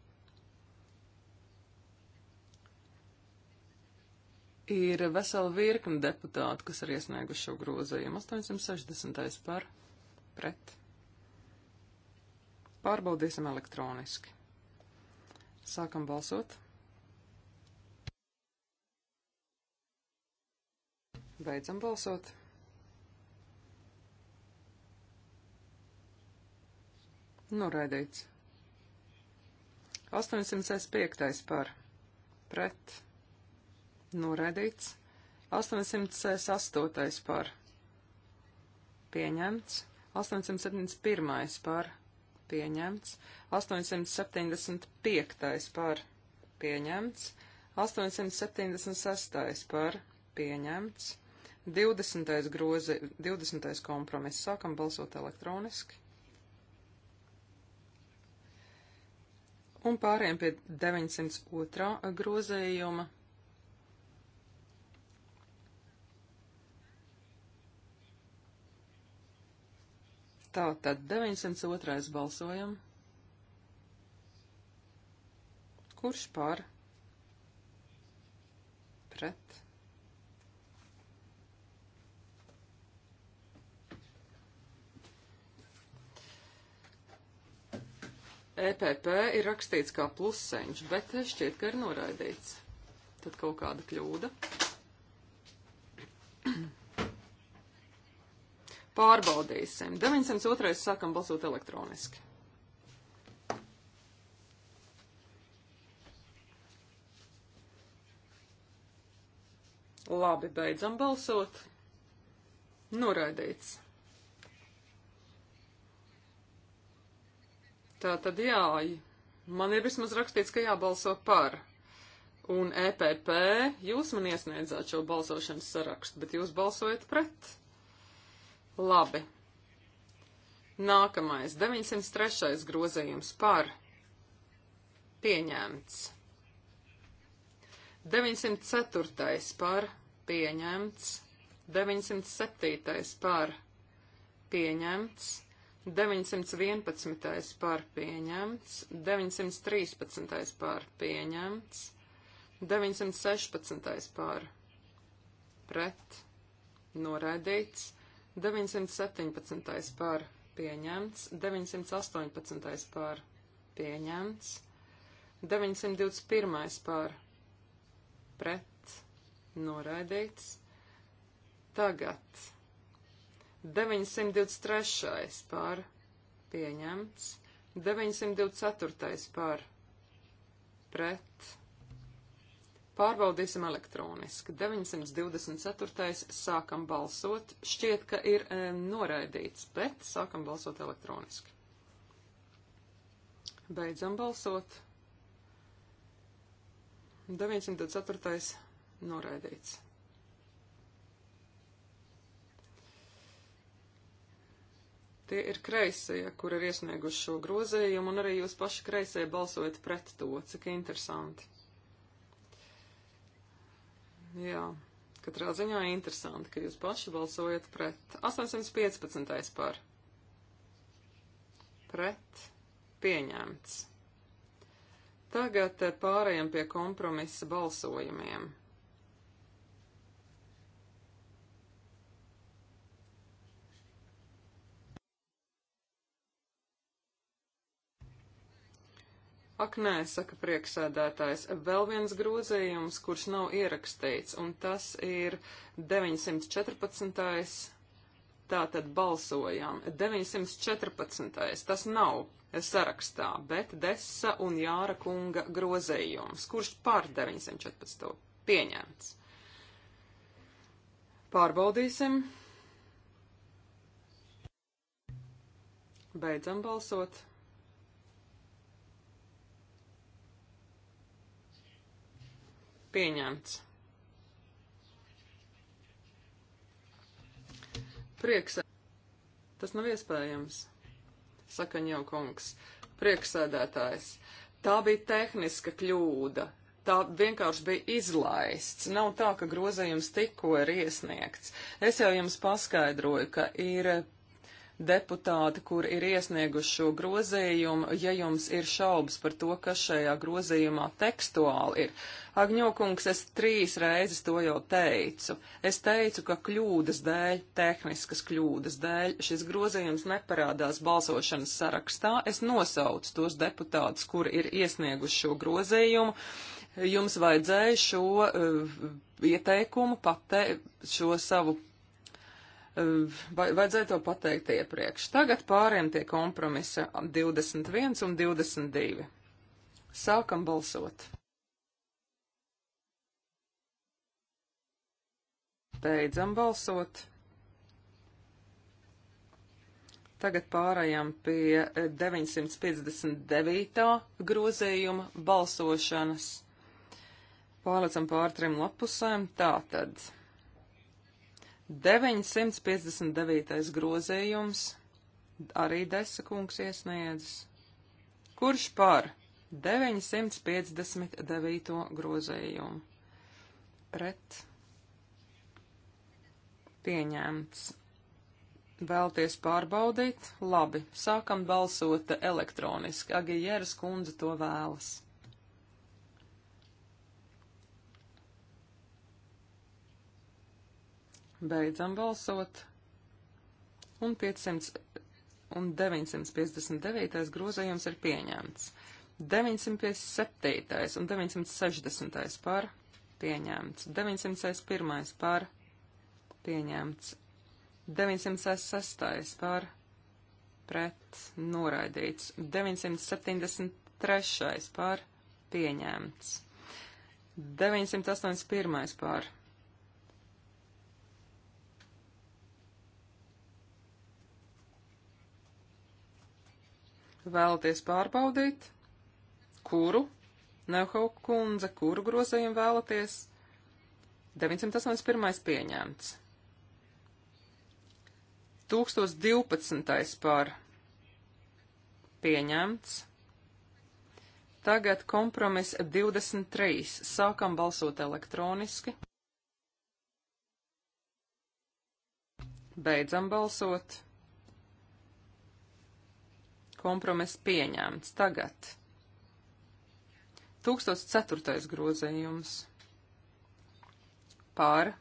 Ir vesela virkni deputātu, kas ir iesnieguši šo grozījumu. 860. par pret. Pārbaudīsim elektroniski. Sākam balsot. Beidzam balsot. Noraidīts. 865. par pret Noraidīts. 808. par. Pieņemts. 871. par. Pieņemts. 875. par. Pieņemts. 876. par. Pieņemts. 20. grozi, 20. kompromiss. Sākam balsot elektroniski. Un pāriem pie 902. grozējuma Tā tad 902. balsojam. Kurš par? Pret. EPP ir rakstīts kā pluseņš, bet šķiet, ka ir noraidīts. Tad kaut kāda kļūda. Pārbaudīsim. 902. sākam balsot elektroniski. Labi, beidzam balsot. Noraidīts. Tā tad jā, man ir vismaz rakstīts, ka jābalso par. Un EPP, jūs man iesniedzāt šo balsošanas sarakstu, bet jūs balsojat pret. Labi. Nākamais 903. grozījums par pieņemts. 904. par pieņemts. 907. par pieņemts. 911. par pieņemts. 913. par pieņemts. 916. par pret noraidīts. 917. par pieņemts, 918. par pieņemts, 921. par pret noraidīts, tagad 923. par pieņemts, 924. par pret Pārbaudīsim elektroniski. 924. sākam balsot. Šķiet, ka ir e, noraidīts, bet sākam balsot elektroniski. Beidzam balsot. 904. noraidīts. Tie ir kreisie, kur ir iesnieguši šo grozījumu, un arī jūs paši kreisie balsojat pret to, cik interesanti. Jā, katrā ziņā interesanti, ka jūs paši balsojat pret 815. par. Pret. Pieņemts. Tagad eh, pārējām pie kompromisa balsojumiem. Ak, nē, saka prieksēdētājs, vēl viens grozījums, kurš nav ierakstīts, un tas ir 914. Tātad balsojām. 914. Tas nav sarakstā, bet Dessa un Jāra kunga grozījums, kurš par 914. pieņemts. Pārbaudīsim. Beidzam balsot. Pieņemts. Prieks. Tas nav iespējams, saka jau kungs. Prieksēdētājs. Tā bija tehniska kļūda. Tā vienkārši bija izlaists. Nav tā, ka grozījums tikko ir iesniegts. Es jau jums paskaidroju, ka ir deputāti, kur ir iesnieguši šo grozījumu, ja jums ir šaubas par to, kas šajā grozījumā tekstuāli ir. Agņokungs, es trīs reizes to jau teicu. Es teicu, ka kļūdas dēļ, tehniskas kļūdas dēļ, šis grozījums neparādās balsošanas sarakstā. Es nosaucu tos deputātus, kur ir iesnieguši šo grozījumu jums vajadzēja šo uh, ieteikumu, pate, šo savu Ehm, vajadzēja to pateikt iepriekš. Tagad pāriem pie kompromisa 21 un 22. Sākam balsot. Beidzam balsot. Tagad pārējām pie 959. Eh, grozījuma balsošanas. Pārlecam pār trim lapusēm. Tātad. 959. grozējums arī desakungs iesniedzis. Kurš par 959. grozējumu? Pret. Pieņemts. Vēlties pārbaudīt? Labi, sākam balsot elektroniski. Agijēras kundze to vēlas. Beidzam balsot. Un 500 un 959. grozējums ir pieņemts. 957. un 960. par pieņemts. 901. par pieņemts. 906. par pret noraidīts. 973. par pieņemts. 981. par pieņemts. Vēlaties pārbaudīt? Kuru? Neuhau kundze, kuru grozījumu vēlaties? 981. pieņemts. 1012. par pieņemts. Tagad kompromis 23. Sākam balsot elektroniski. Beidzam balsot kompromiss pieņemts. Tagad 1004. grozījums pār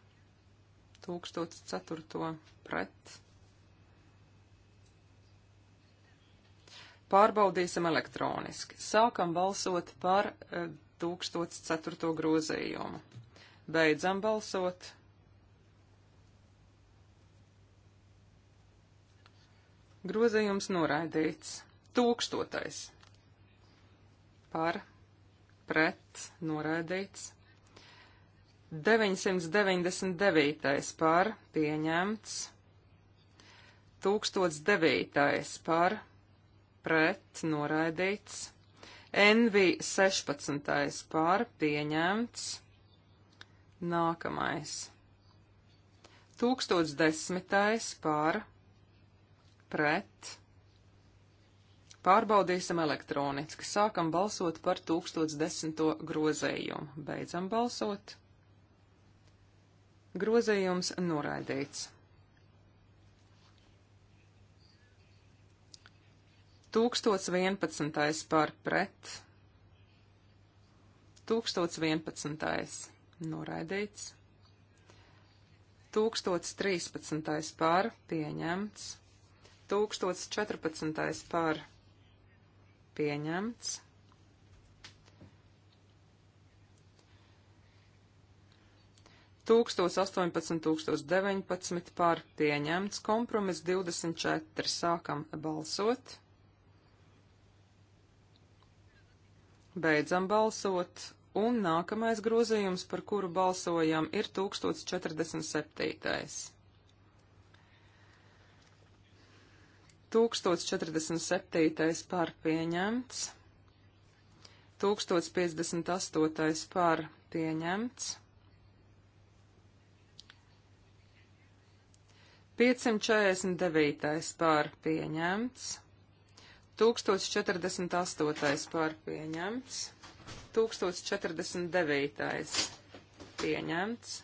1004. pret. Pārbaudīsim elektroniski. Sākam balsot par 1004. Eh, grozījumu. Beidzam balsot. Grozījums noraidīts. Tūkstotais par pret noraidīts. 999. par pieņemts. 1009. par pret noraidīts. NV 16. par pieņemts. Nākamais. 1010. par pret Pārbaudīsim elektroniski. Sākam balsot par 1010. grozējumu. Beidzam balsot. Grozējums noraidīts. 1011. par pret. 1011. noraidīts. 1013. par pieņemts. 1014. par pieņemts pieņemts. Tūkstos 18, tūkstos 19 pār pieņemts, kompromis 24, sākam balsot. Beidzam balsot, un nākamais grozījums, par kuru balsojam, ir 1047. 1047. par pieņemts, 1058. par pieņemts, 549. par pieņemts, 1048. par pieņemts, 1049. pieņemts.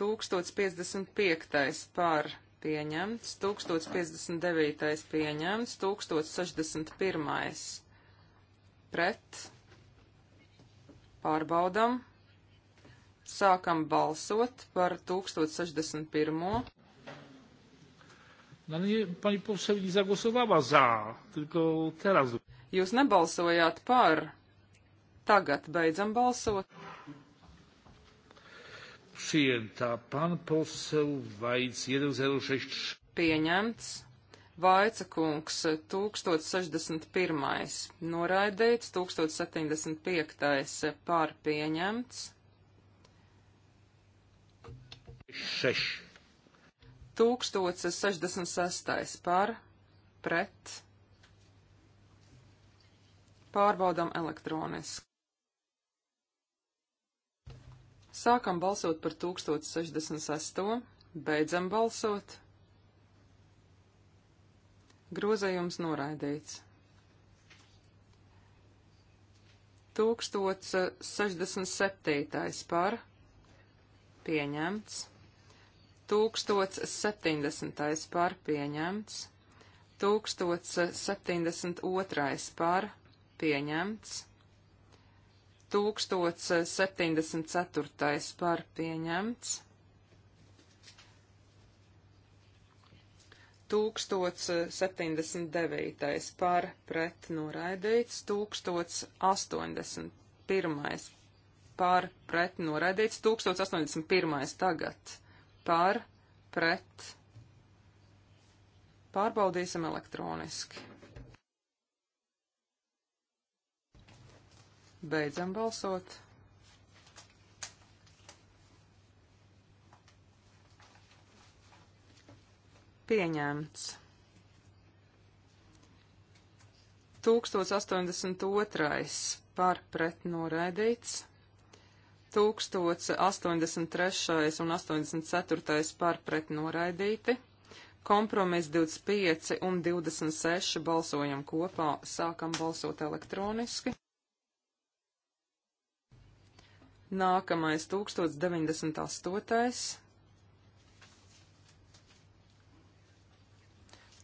1055. par pieņemts, 1059. pieņemts, 1061. pret. Pārbaudam. Sākam balsot par 1061. No, nie, pani poseł nie zagłosowała za, tylko teraz. Jūs nebalsojāt par. Tagad beidzam balsot. Przyjęta. Pan poseł Wajc 1063. Pieņemts. Vaica kungs 1061. Noraidīts 1075. Pārpieņemts. 6. 1066. Par. Pret. Pārbaudam elektroniski. Sākam balsot par 1066. Beidzam balsot. Grozējums noraidīts. 1067. par pieņemts. 1070. par pieņemts. 1072. par pieņemts. 1074. par pieņemts. 1079. par pret noraidīts, 1081. par pret noraidīts, 1081. tagad par pret. Pārbaudīsim elektroniski. Beidzam balsot. Pieņemts. 1082. par pret noraidīts. 1083. un 84. par pret noraidīti. Kompromis 25 un 26 balsojam kopā, sākam balsot elektroniski. Nākamais 1098.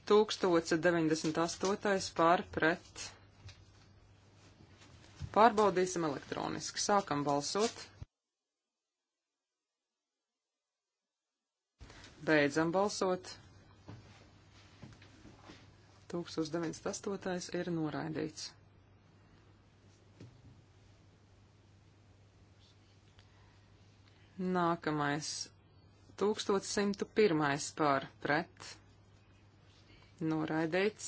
1098. pār pret. Pārbaudīsim elektroniski. Sākam balsot. Beidzam balsot. 1098. ir noraidīts. Nākamais. 1101. pār pret. Noraidīts.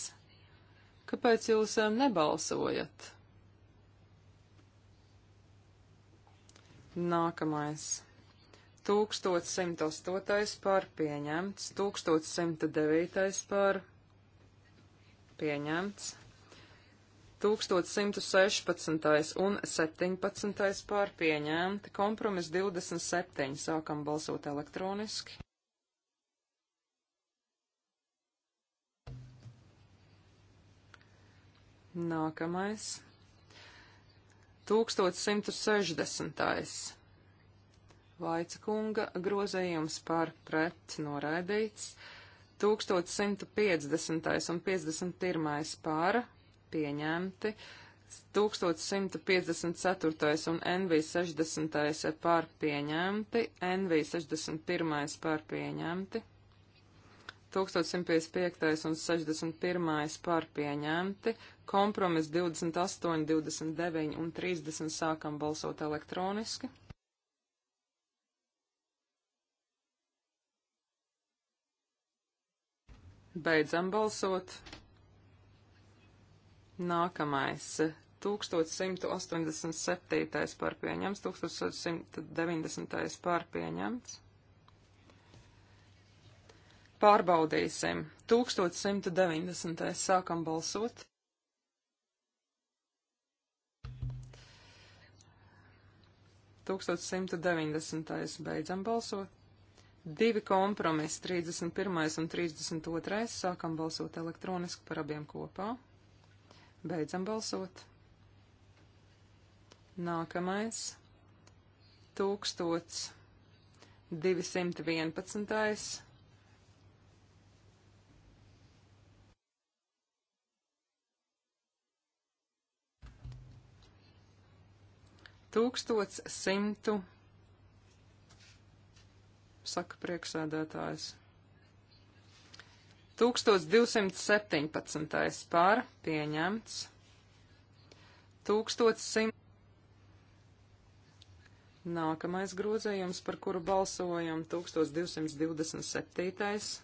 Kāpēc jūs um, nebalsojat? Nākamais. 1108. par pieņemts, 1109. par pieņemts, 1116 un 17 pārpieņemti, kompromis 27, sākam balsot elektroniski. Nākamais. 1160. Vaica kunga grozējums par pret noraidīts, 1150. un 51. pār pieņemti. 1154. un NV 60. pār pieņemti, NV 61. pār pieņemti, 1155. un 61. pār pieņemti, kompromis 28, 29 un 30 sākam balsot elektroniski. Beidzam balsot. Nākamais. 1187. pārpieņemts, 1190. pārpieņemts. Pārbaudīsim. 1190. sākam balsot. Tūkstoš simt deviņdesmitais beidzam balsot. Divi kompromisi, 31. un 32. sākam balsot elektroniski par abiem kopā. 1190. Beidzam balsot. Nākamais. 1211. Tūkstots simtu, saka prieksēdētājs. 1217. par pieņemts. 1100. Nākamais grozījums, par kuru balsojam, 1227.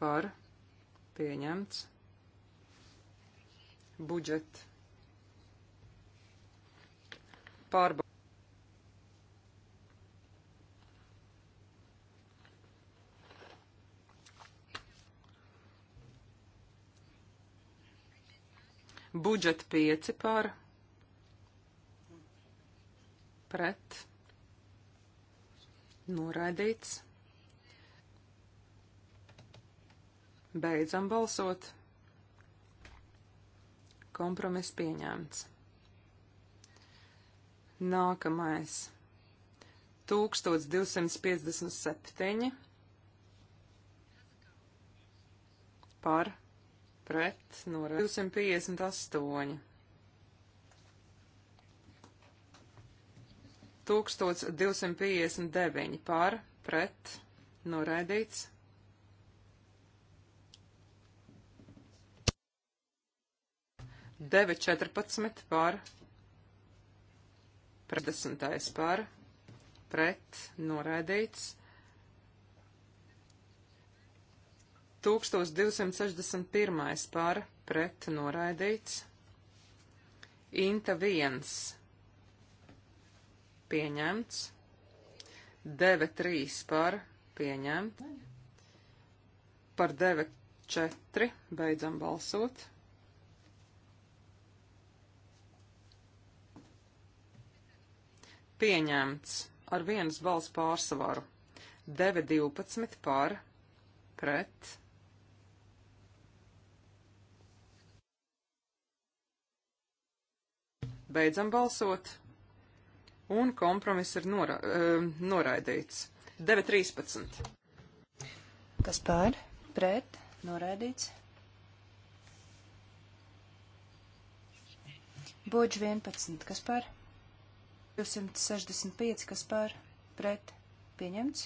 Par pieņemts. Budžet. Pārbaudīt. budžet 5 par pret noraidīts. Beidzam balsot. Kompromiss pieņemts. Nākamais. 1257 par pret norēdz 258. 1259 par pret norēdīts. Deve 14 par pret 10 par pret norēdīts. 1261 par pret noraidīts. Inta 1 pieņemts. Deve 3 par pieņemt. Par deve 4 beidzam balsot. Pieņemts ar vienas balss pārsvaru. Deve 12 par pret Beidzam balsot. Un kompromiss ir nora, uh, noraidīts. 9.13. Kas pār? Pret? Noraidīts. Bodž 11. Kas pār? 265. Kas pār? Pret? Pieņemts.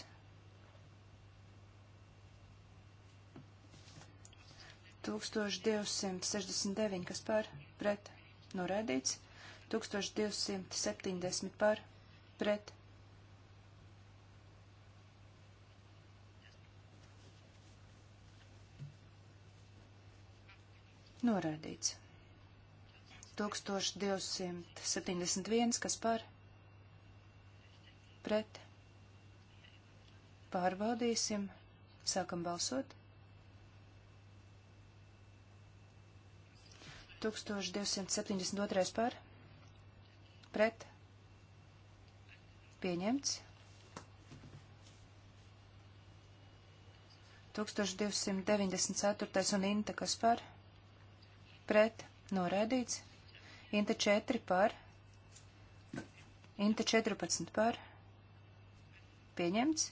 Tūkstoš divsimt sešdesmit deviņi, kas pār pret noraidīts. 1270 par pret. Norādīts. 1271, kas par pret. Pārbaudīsim. Sākam balsot. 1272 par pret pieņemts. 1294. un Inta kas par? Pret, noraidīts. Inta 4 par. Inta 14 par. Pieņemts.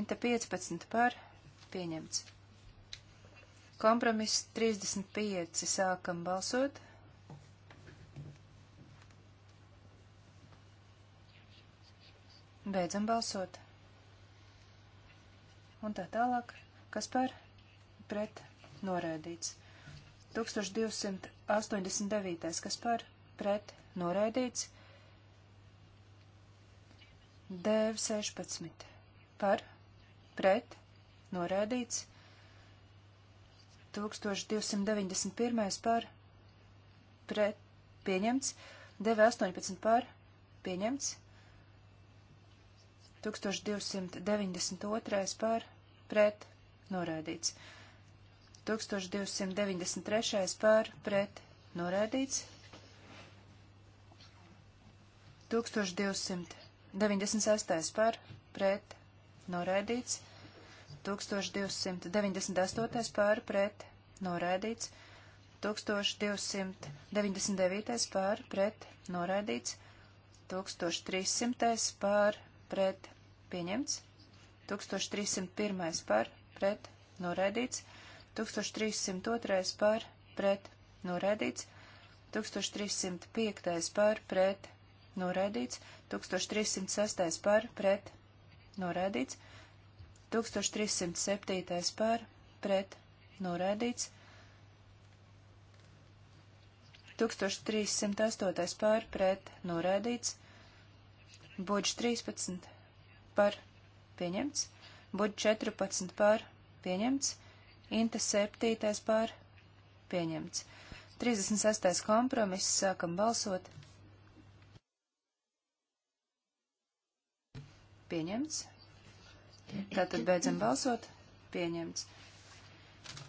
Inta 15 par. Pieņemts. Kompromiss 35. Sākam balsot. Beidzam balsot. Un tā tālāk, kas par pret noraidīts. 1289. kas par pret noraidīts. Dēv 16. par pret noraidīts. 1291. par pret pieņemts. Dēv 18 par pieņemts. 1292. par pret noraidīts. 1293. par pret noraidīts. 1296. par pret noraidīts. 1298. par pret noraidīts. 1299. par pret noraidīts. 1300. par pret pieņemts, 1301 par, pret, noraidīts, 1302 par, pret, noraidīts, 1305 par, pret, noraidīts, 1306 par, pret, noraidīts, 1307 par, pret, noraidīts, 1308 par, pret, noraidīts, budžs 13 par pieņemts, bud 14 par pieņemts, inta 7 par pieņemts. 36. kompromiss sākam balsot. Pieņemts. Tātad beidzam balsot. Pieņemts.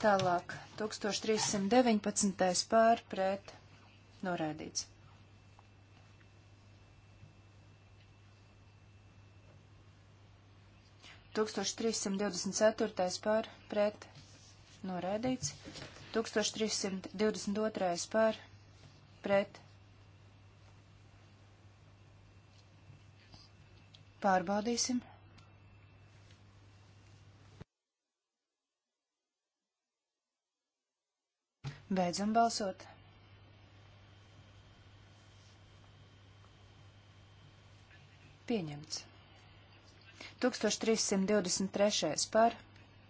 Tālāk 1319 pār pret norādīts. 1324. par pret noraidīts, 1322. par pret pārbaudīsim. Beidzam balsot. Pieņemts. 1323. par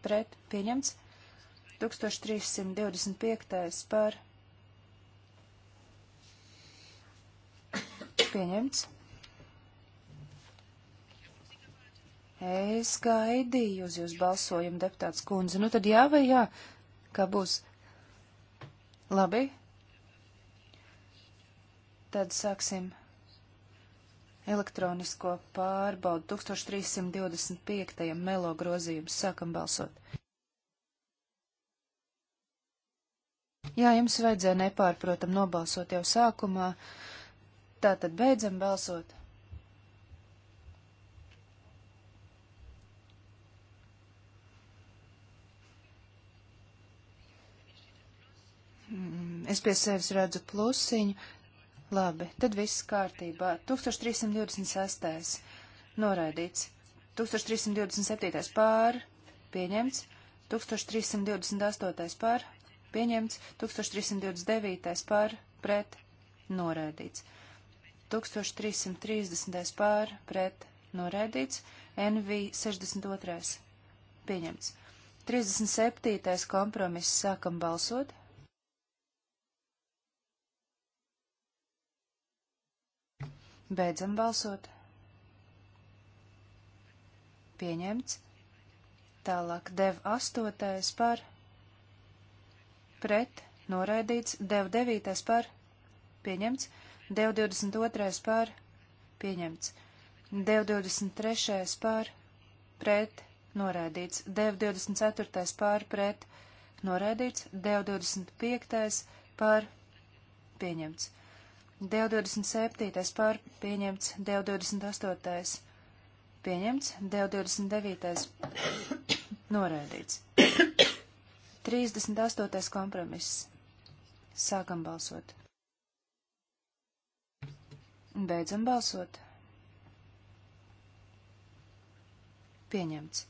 pret pieņemts. 1325. par pieņemts. Es gaidīju uz jūsu balsojumu, deputāts kundze. Nu tad jā vai jā, kā būs? Labi. Tad sāksim elektronisko pārbaudu 1325. melo grozījumu sākam balsot. Jā, jums vajadzēja nepārprotam nobalsot jau sākumā, tā tad beidzam balsot. Mm, es pie sevis redzu plusiņu, Labi, tad viss kārtībā. 1326. noraidīts. 1327. pār pieņemts. 1328. pār pieņemts. 1329. pār pret noraidīts. 1330. pār pret noraidīts. NV 62. pieņemts. 37. kompromiss sākam balsot. Beidzam balsot. Pieņemts. Tālāk dev astotais par. Pret. Noraidīts. Dev devītais par. Pieņemts. Dev 22. par. Pieņemts. Dev 23. par. Pret. Noraidīts. Dev 24. par. Pret. Noraidīts. Dev 25. par. Pieņemts. D27 par pieņemts, D28 pieņemts, D29 noraidīts. 38. kompromiss. Sākam balsot. Beidzam balsot. Pieņemts.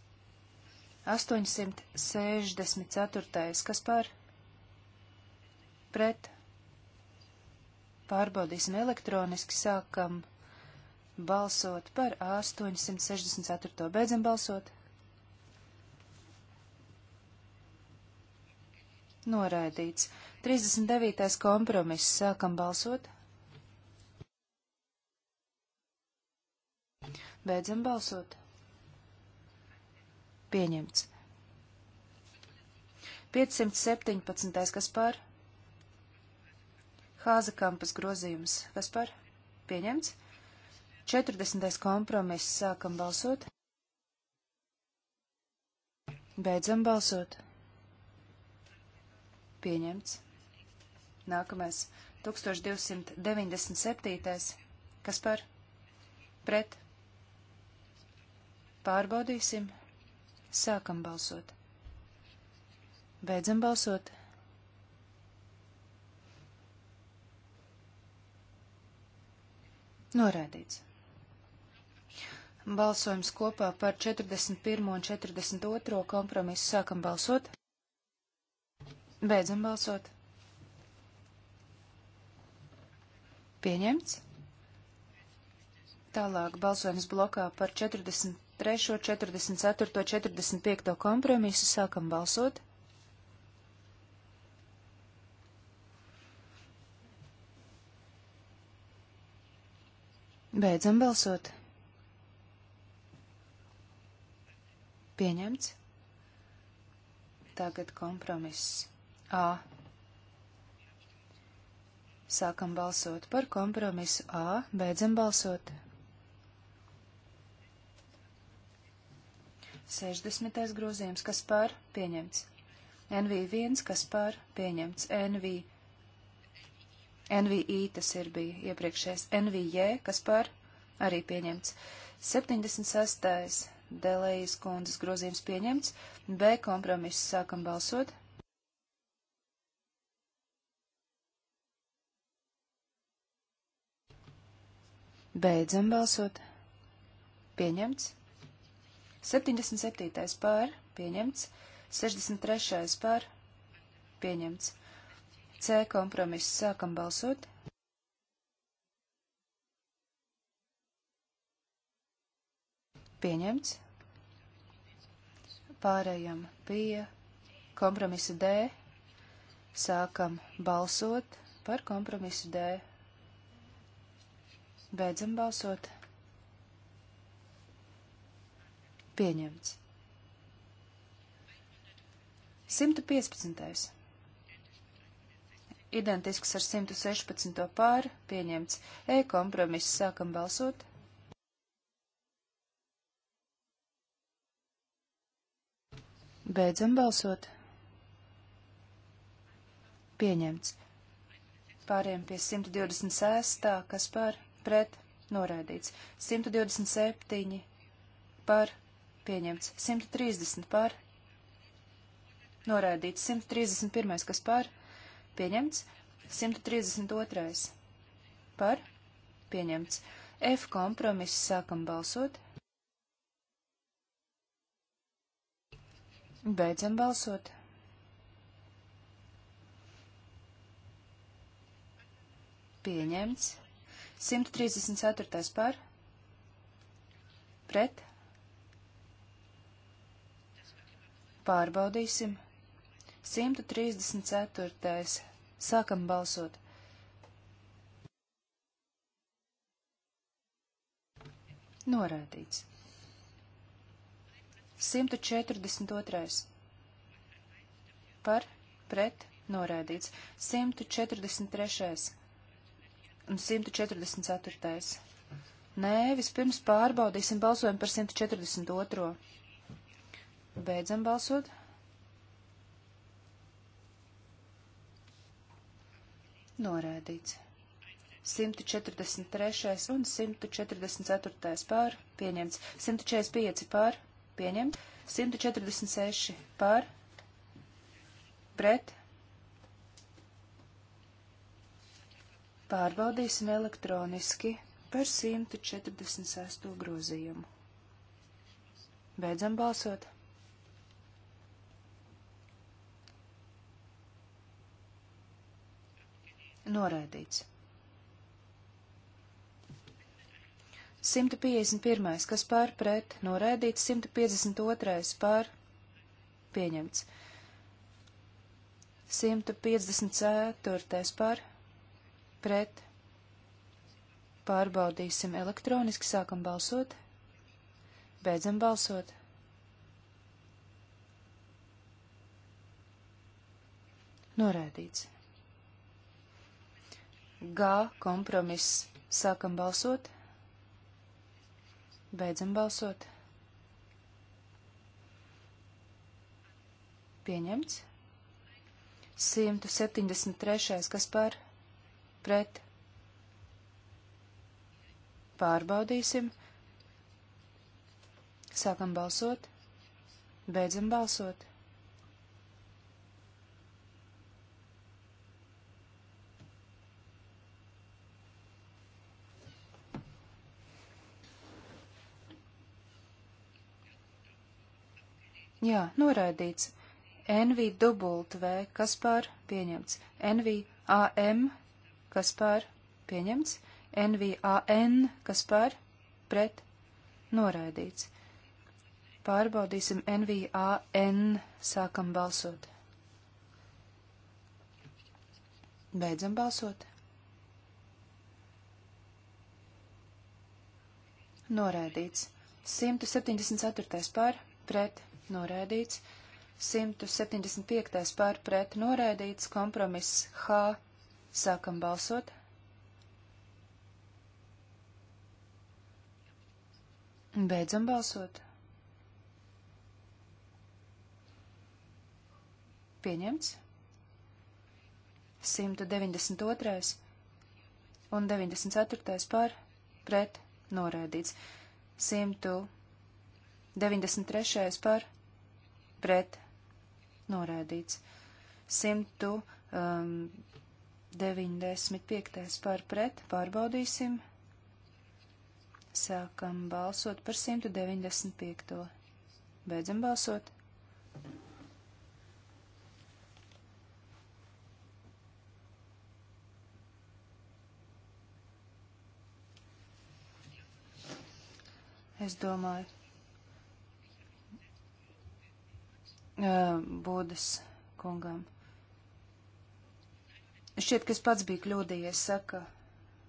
864. kas par? Pret Pārbaudīsim elektroniski, sākam balsot par 864. Beidzam balsot. Noraidīts. 39. kompromiss. Sākam balsot. Beidzam balsot. Pieņemts. 517. kas par? Hāzekampas grozījums. Kas par? Pieņemts. 40. kompromiss. Sākam balsot. Beidzam balsot. Pieņemts. Nākamais. 1297. Kas par? Pret. Pārbaudīsim. Sākam balsot. Beidzam balsot. Norādīts. Balsojums kopā par 41. un 42. kompromisu sākam balsot. Beidzam balsot. Pieņemts. Tālāk balsojums blokā par 43., 44., 45. kompromisu sākam balsot. Beidzam balsot. Pieņemts. Tagad kompromiss. A. Sākam balsot par kompromisu A, beidzam balsot. 60. grozījums, kas pār pieņemts. NV1, kas pār pieņemts. NV2. NVI tas ir bija iepriekšējais NVJ, kas par arī pieņemts. 76. Delejas kundzes grozījums pieņemts, B kompromiss sākam balsot. Beidzam balsot. Pieņemts. 77. pār. Pieņemts. 63. pār. Pieņemts. C kompromiss. Sākam balsot. Pieņemts. Pārējām pie kompromisa D. Sākam balsot par kompromisu D. Beidzam balsot. Pieņemts. 115 identisks ar 116. pār, pieņemts. E kompromiss, sākam balsot. Beidzam balsot. Pieņemts. Pāriem pie 126. kas par, pret, noraidīts. 127. par, pieņemts. 130 par, noraidīts. 131. kas par, Pieņemts. 132. Par. Pieņemts. F kompromiss. Sākam balsot. Beidzam balsot. Pieņemts. 134. par. Pret. Pārbaudīsim. 134. Sākam balsot. Norādīts. 142. Par, pret, norādīts. 143. un 144. Nē, vispirms pārbaudīsim balsojumu par 142. Beidzam balsot. Norādīts. 143. un 144. pār pieņemts, 145 pār pieņemt, 146 pār pret. Pārbaudīsim elektroniski par 146. grozījumu. Beidzam balsot. Noraidīts. 151. kas pār pret, noraidīts 152. pār pieņemts. 154. pār pret. Pārbaudīsim elektroniski, sākam balsot, beidzam balsot. Noraidīts. G kompromiss. Sākam balsot. Beidzam balsot. Pieņemts. 173. kas par pret. Pārbaudīsim. Sākam balsot. Beidzam balsot. Jā, noraidīts. NV dubultv, kas pār pieņemts. NV AM, kas pār pieņemts. NV AN, kas pār pret noraidīts. Pārbaudīsim NV AN, sākam balsot. Beidzam balsot. Noraidīts. 174. pār pret noraidīts, 175. pār pret noraidīts, kompromiss H. Sākam balsot. Beidzam balsot. Pieņemts. 192. un 94. pār pret noraidīts. 193. par pret norādīts. 195. Um, par pret pārbaudīsim. Sākam balsot par 195. Beidzam balsot. Es domāju, Būdas kungam. Šķiet, ka es pats biju kļūdījies, saka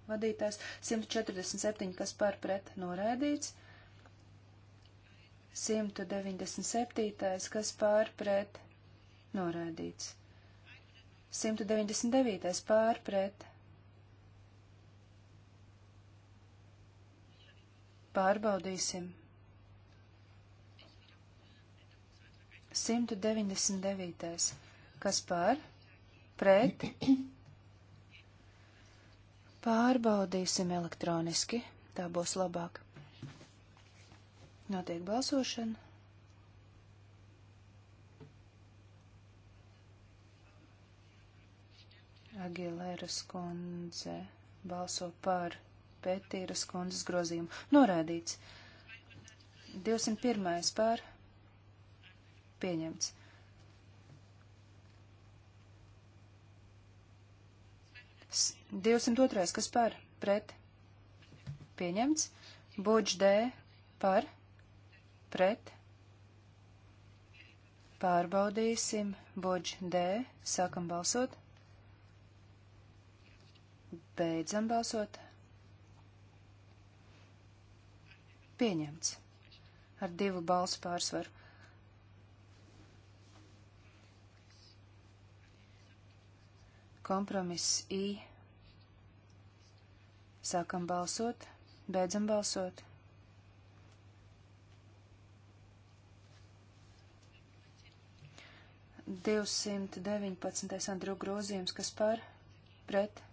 vadītājs. 147, kas par pret noraidīts. 197, kas pār pret noraidīts. 199. pār pret pārbaudīsim. 199. Kas par? Pret? Pārbaudīsim elektroniski. Tā būs labāk. Notiek balsošana. Agilēras kundze balso par Pētīras kundzes grozījumu. Norādīts. 201. pār pieņemts. 202. kas par? Pret. Pieņemts. Budž D par. Pret. Pārbaudīsim. Budž D. Sākam balsot. Beidzam balsot. Pieņemts. Ar divu balsu pārsvaru. Kompromiss I. Sākam balsot, beidzam balsot. Divsimt deviņpadsmitais Andru grozījums, kas par pret.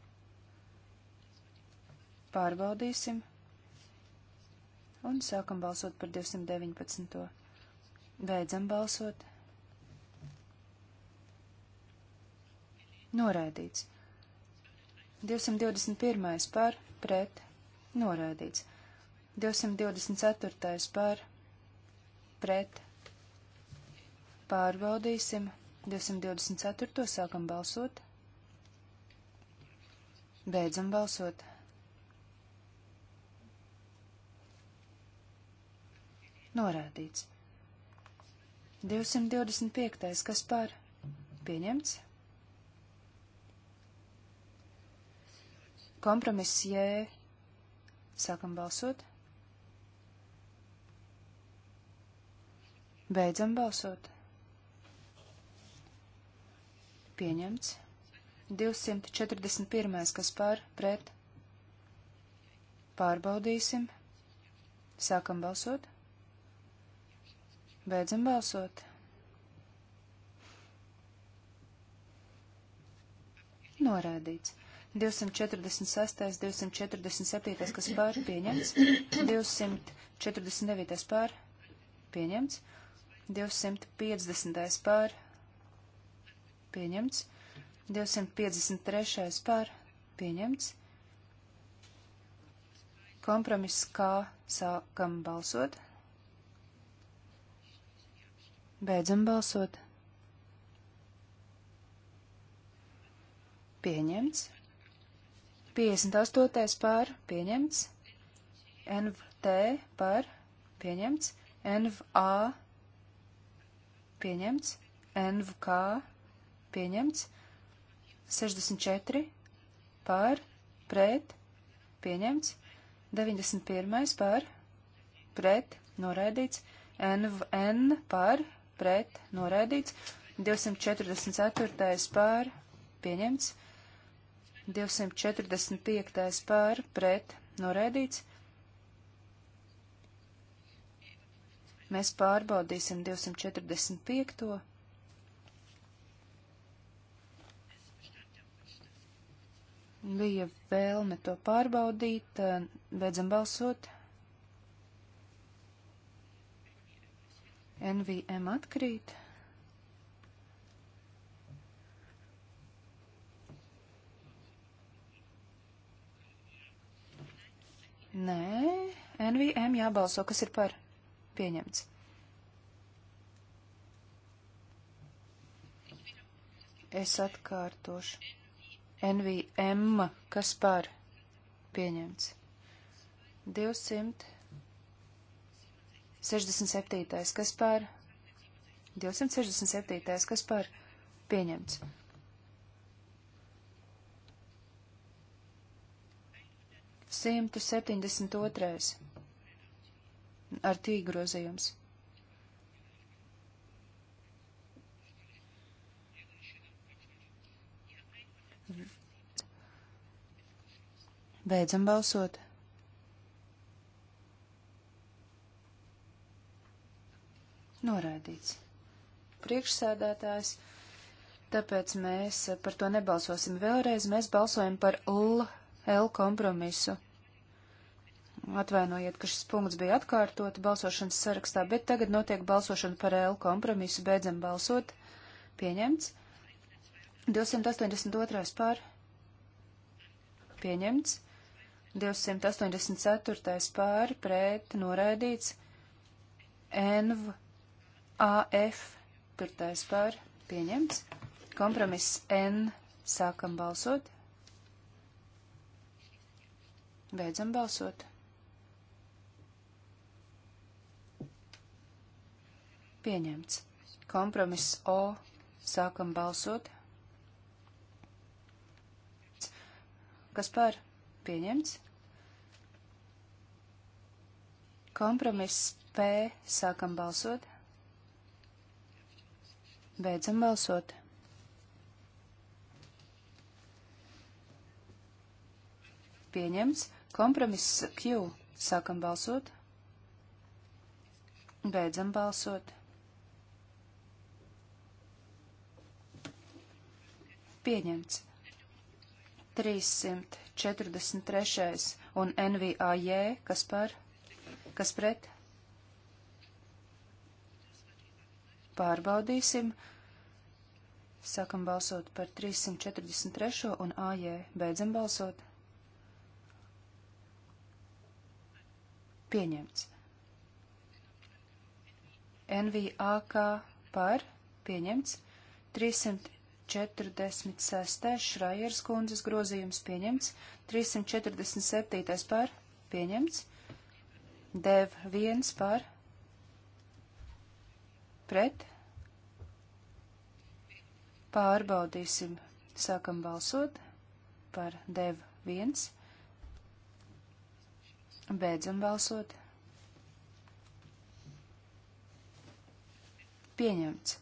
Pārbaudīsim. Un sākam balsot par 219. Beidzam balsot. noraidīts. 221. par, pret, noraidīts. 224. par, pret, pārbaudīsim. 224. sākam balsot. Beidzam balsot. Norādīts. 225. kas par? Pieņemts. Kompromiss J. Sākam balsot. Beidzam balsot. Pieņemts. 241. kas pār pret. Pārbaudīsim. Sākam balsot. Beidzam balsot. Norādīts. 246, 247, kas pār pieņemts, 249 pār pieņemts, 250 pār pieņemts, 253 pār pieņemts. Kompromiss kā sākam balsot. Beidzam balsot. Pieņemts. 58. par pieņemts, NVT par pieņemts, NVA pieņemts, NVK pieņemts, 64 par pret pieņemts, 91 par pret noraidīts, NVN par pret noraidīts, 244 par pieņemts. 245. pār pret noraidīts. Mēs pārbaudīsim 245. Bija vēlme to pārbaudīt, eh, beidzam balsot. NVM atkrīt. Nē, NVM jābalso, kas ir par pieņemts. Es atkārtošu. NVM, kas par pieņemts. 267. kas par 267. kas par pieņemts. 172. ar tīk grozījums. Beidzam balsot. Noraidīts. Priekšsēdētājs, tāpēc mēs par to nebalsosim vēlreiz, mēs balsojam par L, L kompromisu. Atvainojiet, ka šis punkts bija atkārtot balsošanas sarakstā, bet tagad notiek balsošana par L kompromisu. Beidzam balsot. Pieņemts. 282. pār. Pieņemts. 284. pār. Pret. Noraidīts. NV. AF. Pirtais pār. Pieņemts. Kompromiss N. Sākam balsot. Beidzam balsot. Pieņemts. Kompromiss O. Sākam balsot. Kas par? Pieņemts. Kompromiss P. Sākam balsot. Beidzam balsot. Pieņemts. Kompromiss Q. Sākam balsot. Beidzam balsot. pieņemts. 343. un NVAJ, kas par, kas pret. Pārbaudīsim. Sākam balsot par 343. un AJ. Beidzam balsot. Pieņemts. NVAK par pieņemts. 300. 346. Šrajers kundzes grozījums pieņemts. 347. par pieņemts. Dev 1 par pret. Pārbaudīsim. Sākam balsot par Dev 1. Beidzam balsot. Pieņemts.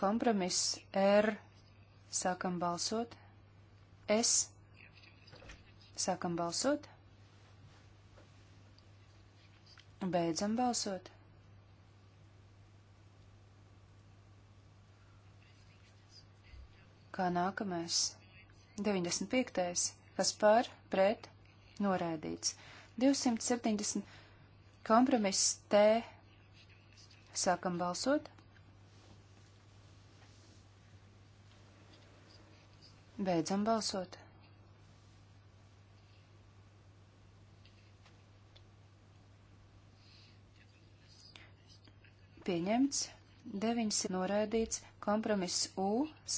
Kompromiss R. Sākam balsot. S. Sākam balsot. Beidzam balsot. Kā nākamais? 95. Kas par, pret, noraidīts. 270. Kompromiss T. Sākam balsot. Beidzam balsot. Pieņemts. 900 noraidīts. Kompromiss U.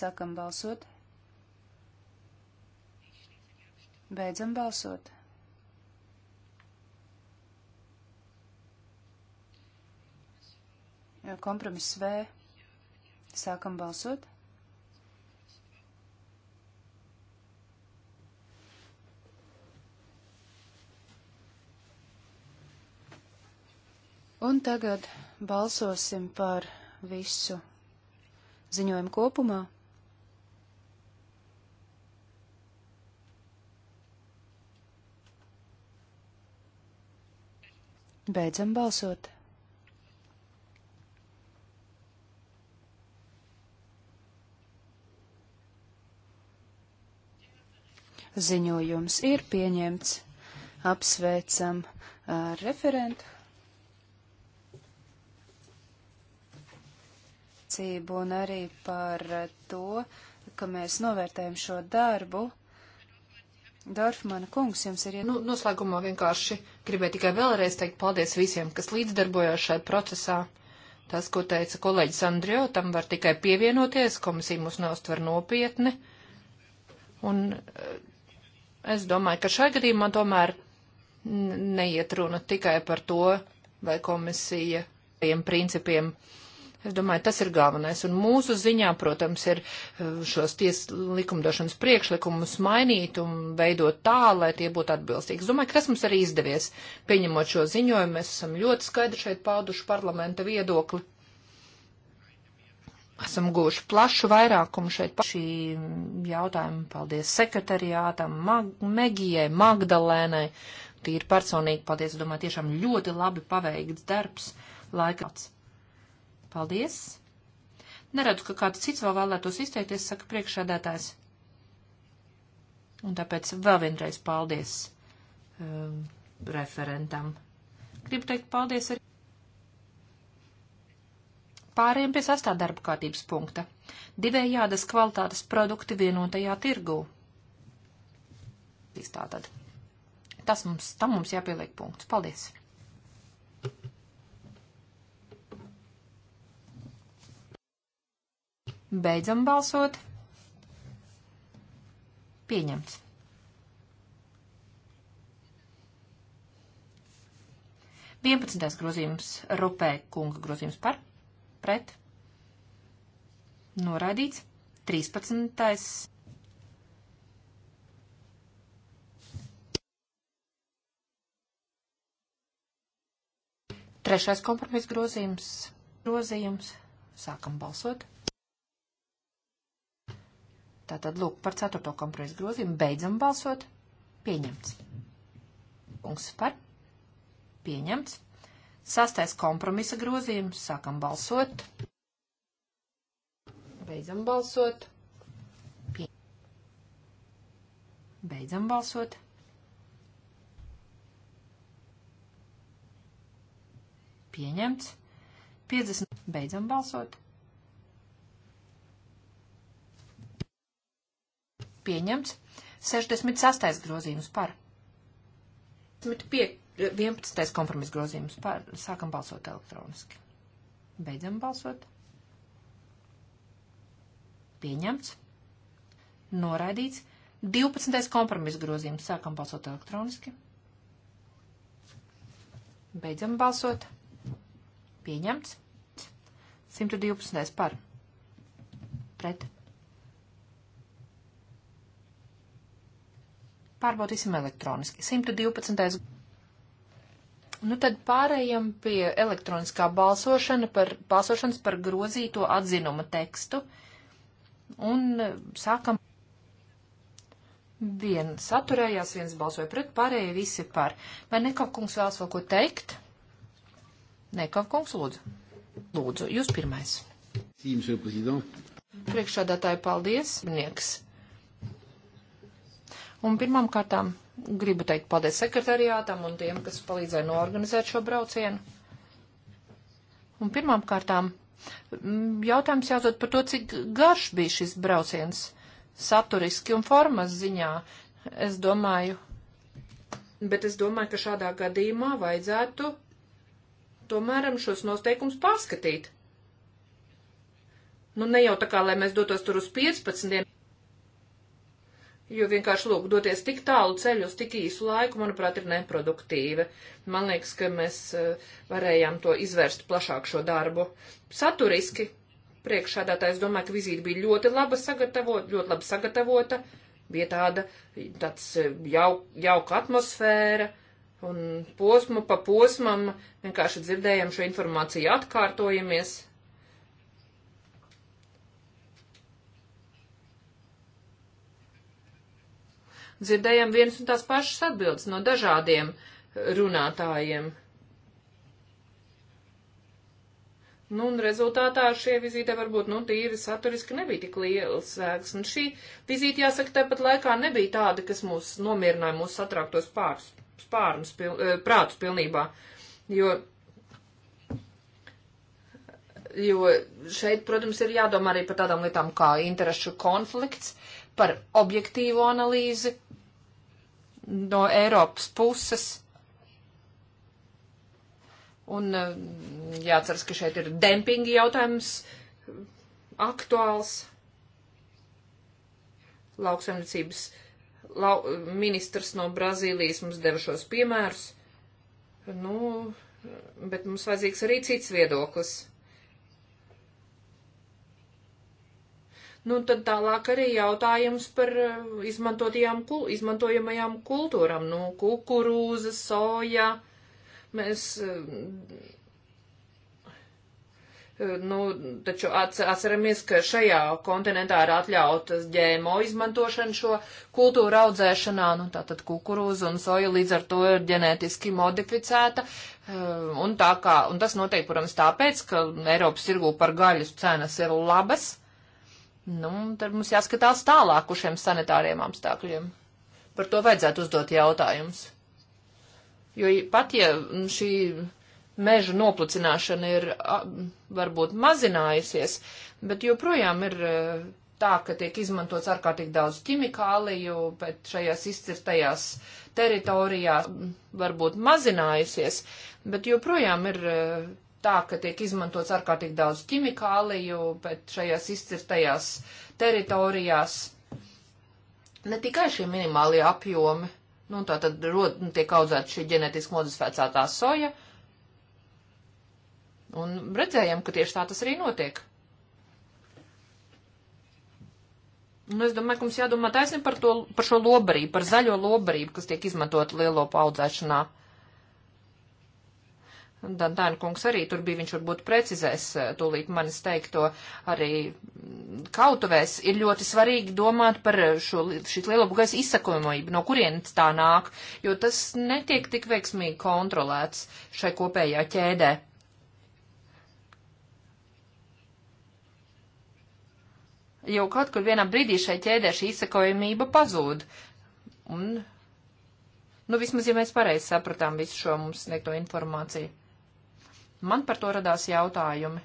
Sākam balsot. Beidzam balsot. Kompromiss V. Sākam balsot. Un tagad balsosim par visu ziņojumu kopumā. Beidzam balsot. Ziņojums ir pieņemts. Apsveicam uh, referentu. rīcību un arī par to, ka mēs novērtējam šo darbu. Dorfmana kungs, jums ir. Nu, noslēgumā vienkārši gribēju tikai vēlreiz teikt paldies visiem, kas līdzdarbojās šai procesā. Tas, ko teica kolēģis Andrio, tam var tikai pievienoties, komisija mūs neustver nopietni. Un eh, es domāju, ka šai gadījumā tomēr neiet runa tikai par to, vai komisija principiem Es domāju, tas ir galvenais. Un mūsu ziņā, protams, ir eh, šos ties likumdošanas priekšlikumus mainīt un veidot tā, lai tie būtu atbilstīgi. Es domāju, ka tas mums arī izdevies. Pieņemot šo ziņojumu, mēs esam ļoti skaidri šeit pauduši parlamenta viedokli. Esam guvuši plašu vairākumu šeit pa šī jautājuma. Paldies sekretariātam, Mag Megijai, Magdalēnai. Tīri personīgi, paldies, domāju, tiešām ļoti labi paveikts darbs laikāts. Paldies! Neredzu, ka kāds cits vēl vēlētos izteikties, saka priekšsēdētājs. Un tāpēc vēl vienreiz paldies um, referentam. Gribu teikt paldies arī. Pāriem pie sastā darba kārtības punkta. Divējādas kvalitātes produkti vienotajā tirgū. Tātad. Tas mums, tam mums jāpieliek punkts. Paldies! Beidzam balsot. Pieņemts. Vienpadsmitais grozījums Rupē kunga grozījums par, pret, noraidīts. 13. Trešais kompromiss grozījums. Grozījums. Sākam balsot. Tātad, lūk, par ceturto kompromisu grozījumu beidzam balsot. Pieņemts. Punkts par. Pieņemts. Sastais kompromisa grozījums. Sākam balsot. Beidzam balsot. Pie... Beidzam balsot. Pieņemts. 50. Beidzam balsot. Pieņemts. 66. grozījums par. 11. kompromis grozījums par. Sākam balsot elektroniski. Beidzam balsot. Pieņemts. Noraidīts. 12. kompromis grozījums. Sākam balsot elektroniski. Beidzam balsot. Pieņemts. 112. par. Pret. Pārbaudīsim elektroniski. 112. Nu tad pārējām pie elektroniskā balsošana par, balsošanas par grozīto atzinuma tekstu. Un e, sākam. Viens saturējās, viens balsoja pret, pārējie visi par. Vai Nekavkungs vēlas vēl ko teikt? Nekavkungs, lūdzu. Lūdzu, jūs pirmais. Priekšādātāji, paldies. Nieks. Un pirmām kārtām gribu teikt paldies sekretariātam un tiem, kas palīdzēja noorganizēt šo braucienu. Un pirmām kārtām mm, jautājums jāuzdod par to, cik garš bija šis brauciens saturiski un formas ziņā. Es domāju, bet es domāju, ka šādā gadījumā vajadzētu tomēr šos noteikumus pārskatīt. Nu, ne jau tā kā, lai mēs dotos tur uz 15 dienu, Jo vienkārši, lūk, doties tik tālu ceļu uz tik īsu laiku, manuprāt, ir neproduktīva. Man liekas, ka mēs eh, varējām to izvērst plašāk šo darbu. Saturiski priekšādātājs domāju, ka vizīte bija ļoti laba sagatavota, ļoti labi sagatavota, bija tāda, tāds eh, jauk, jauka atmosfēra, un posmu pa posmam vienkārši dzirdējam šo informāciju atkārtojamies, dzirdējam vienas un tās pašas atbildes no dažādiem runātājiem. Nu, un rezultātā šie vizīte varbūt, nu, tīri saturiski nebija tik liels sēgs. Un šī vizīte, jāsaka, tāpat laikā nebija tāda, kas mūs nomierināja, mūs satrauktos pārs, pārnus, pil, eh, prātus pilnībā. Jo, jo šeit, protams, ir jādomā arī par tādām lietām kā interešu konflikts, par objektīvu analīzi no Eiropas puses. Un eh, jāceras, ka šeit ir dempingi jautājums aktuāls. Lauksaimniecības lau, ministrs no Brazīlijas mums deva šos piemērus. Nu, bet mums vajadzīgs arī cits viedoklis. Nu, tad tālāk arī jautājums par eh, izmantotajām, izmantojamajām kultūram, nu, kukurūza, soja. Mēs eh, eh, Nu, taču atceramies, ka šajā kontinentā ir atļautas ģēmo izmantošana šo kultūru audzēšanā, nu tātad kukurūza un soja līdz ar to ir ģenētiski modificēta. Un, tā kā, un tas notiek, protams, tāpēc, ka Eiropas tirgū par gaļas cenas ir labas. Nu, tad mums jāskatās tālāk uz šiem sanitāriem apstākļiem. Par to vajadzētu uzdot jautājumus. Jo pat ja šī meža noplicināšana ir varbūt mazinājusies, bet joprojām ir e, tā, ka tiek izmantots ārkārtīgi daudz ķimikāliju, bet šajās izcirtajās teritorijās varbūt mazinājusies, bet joprojām ir e, tā, ka tiek izmantots ārkārtīgi daudz ķimikāliju, bet šajās izcirtajās teritorijās ne tikai šie minimālie apjomi, nu tā tad rod, nu, tiek audzēta šī ģenetiski modificētā soja, un redzējām, ka tieši tā tas arī notiek. Nu, es domāju, ka mums jādomā taisni par, to, par šo lobarību, par zaļo lobarību, kas tiek izmantota lielo paudzēšanā. Pa Dantēna kungs arī tur bija, viņš varbūt precizēs eh, tūlīt manis teikto arī kautuvēs, ir ļoti svarīgi domāt par šo, šī lielopgais izsakojumību, no kurienes tā nāk, jo tas netiek tik veiksmīgi kontrolēts šai kopējā ķēdē. Jo kaut kur vienā brīdī šai ķēdē šī izsakojumība pazūd. Un, nu, vismaz, ja mēs pareizi sapratām visu šo mums sniegto informāciju. Man par to radās jautājumi.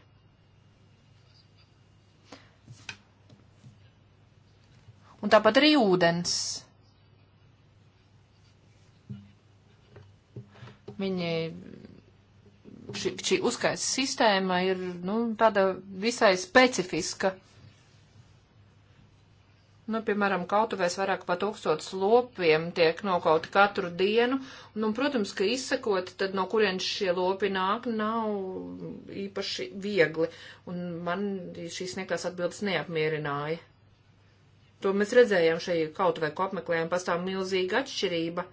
Un tāpat arī ūdens. Viņi, šī, šī uzskaits sistēma ir, nu, tāda visai specifiska. Nu, piemēram, kautuvēs vairāk pa tūkstots lopiem tiek nokauti katru dienu. Nu, protams, ka izsakot, tad no kurienes šie lopi nāk, nav īpaši viegli. Un man šīs nekās atbildes neapmierināja. To mēs redzējām šai kautuvē, ko apmeklējām, pastāv milzīga atšķirība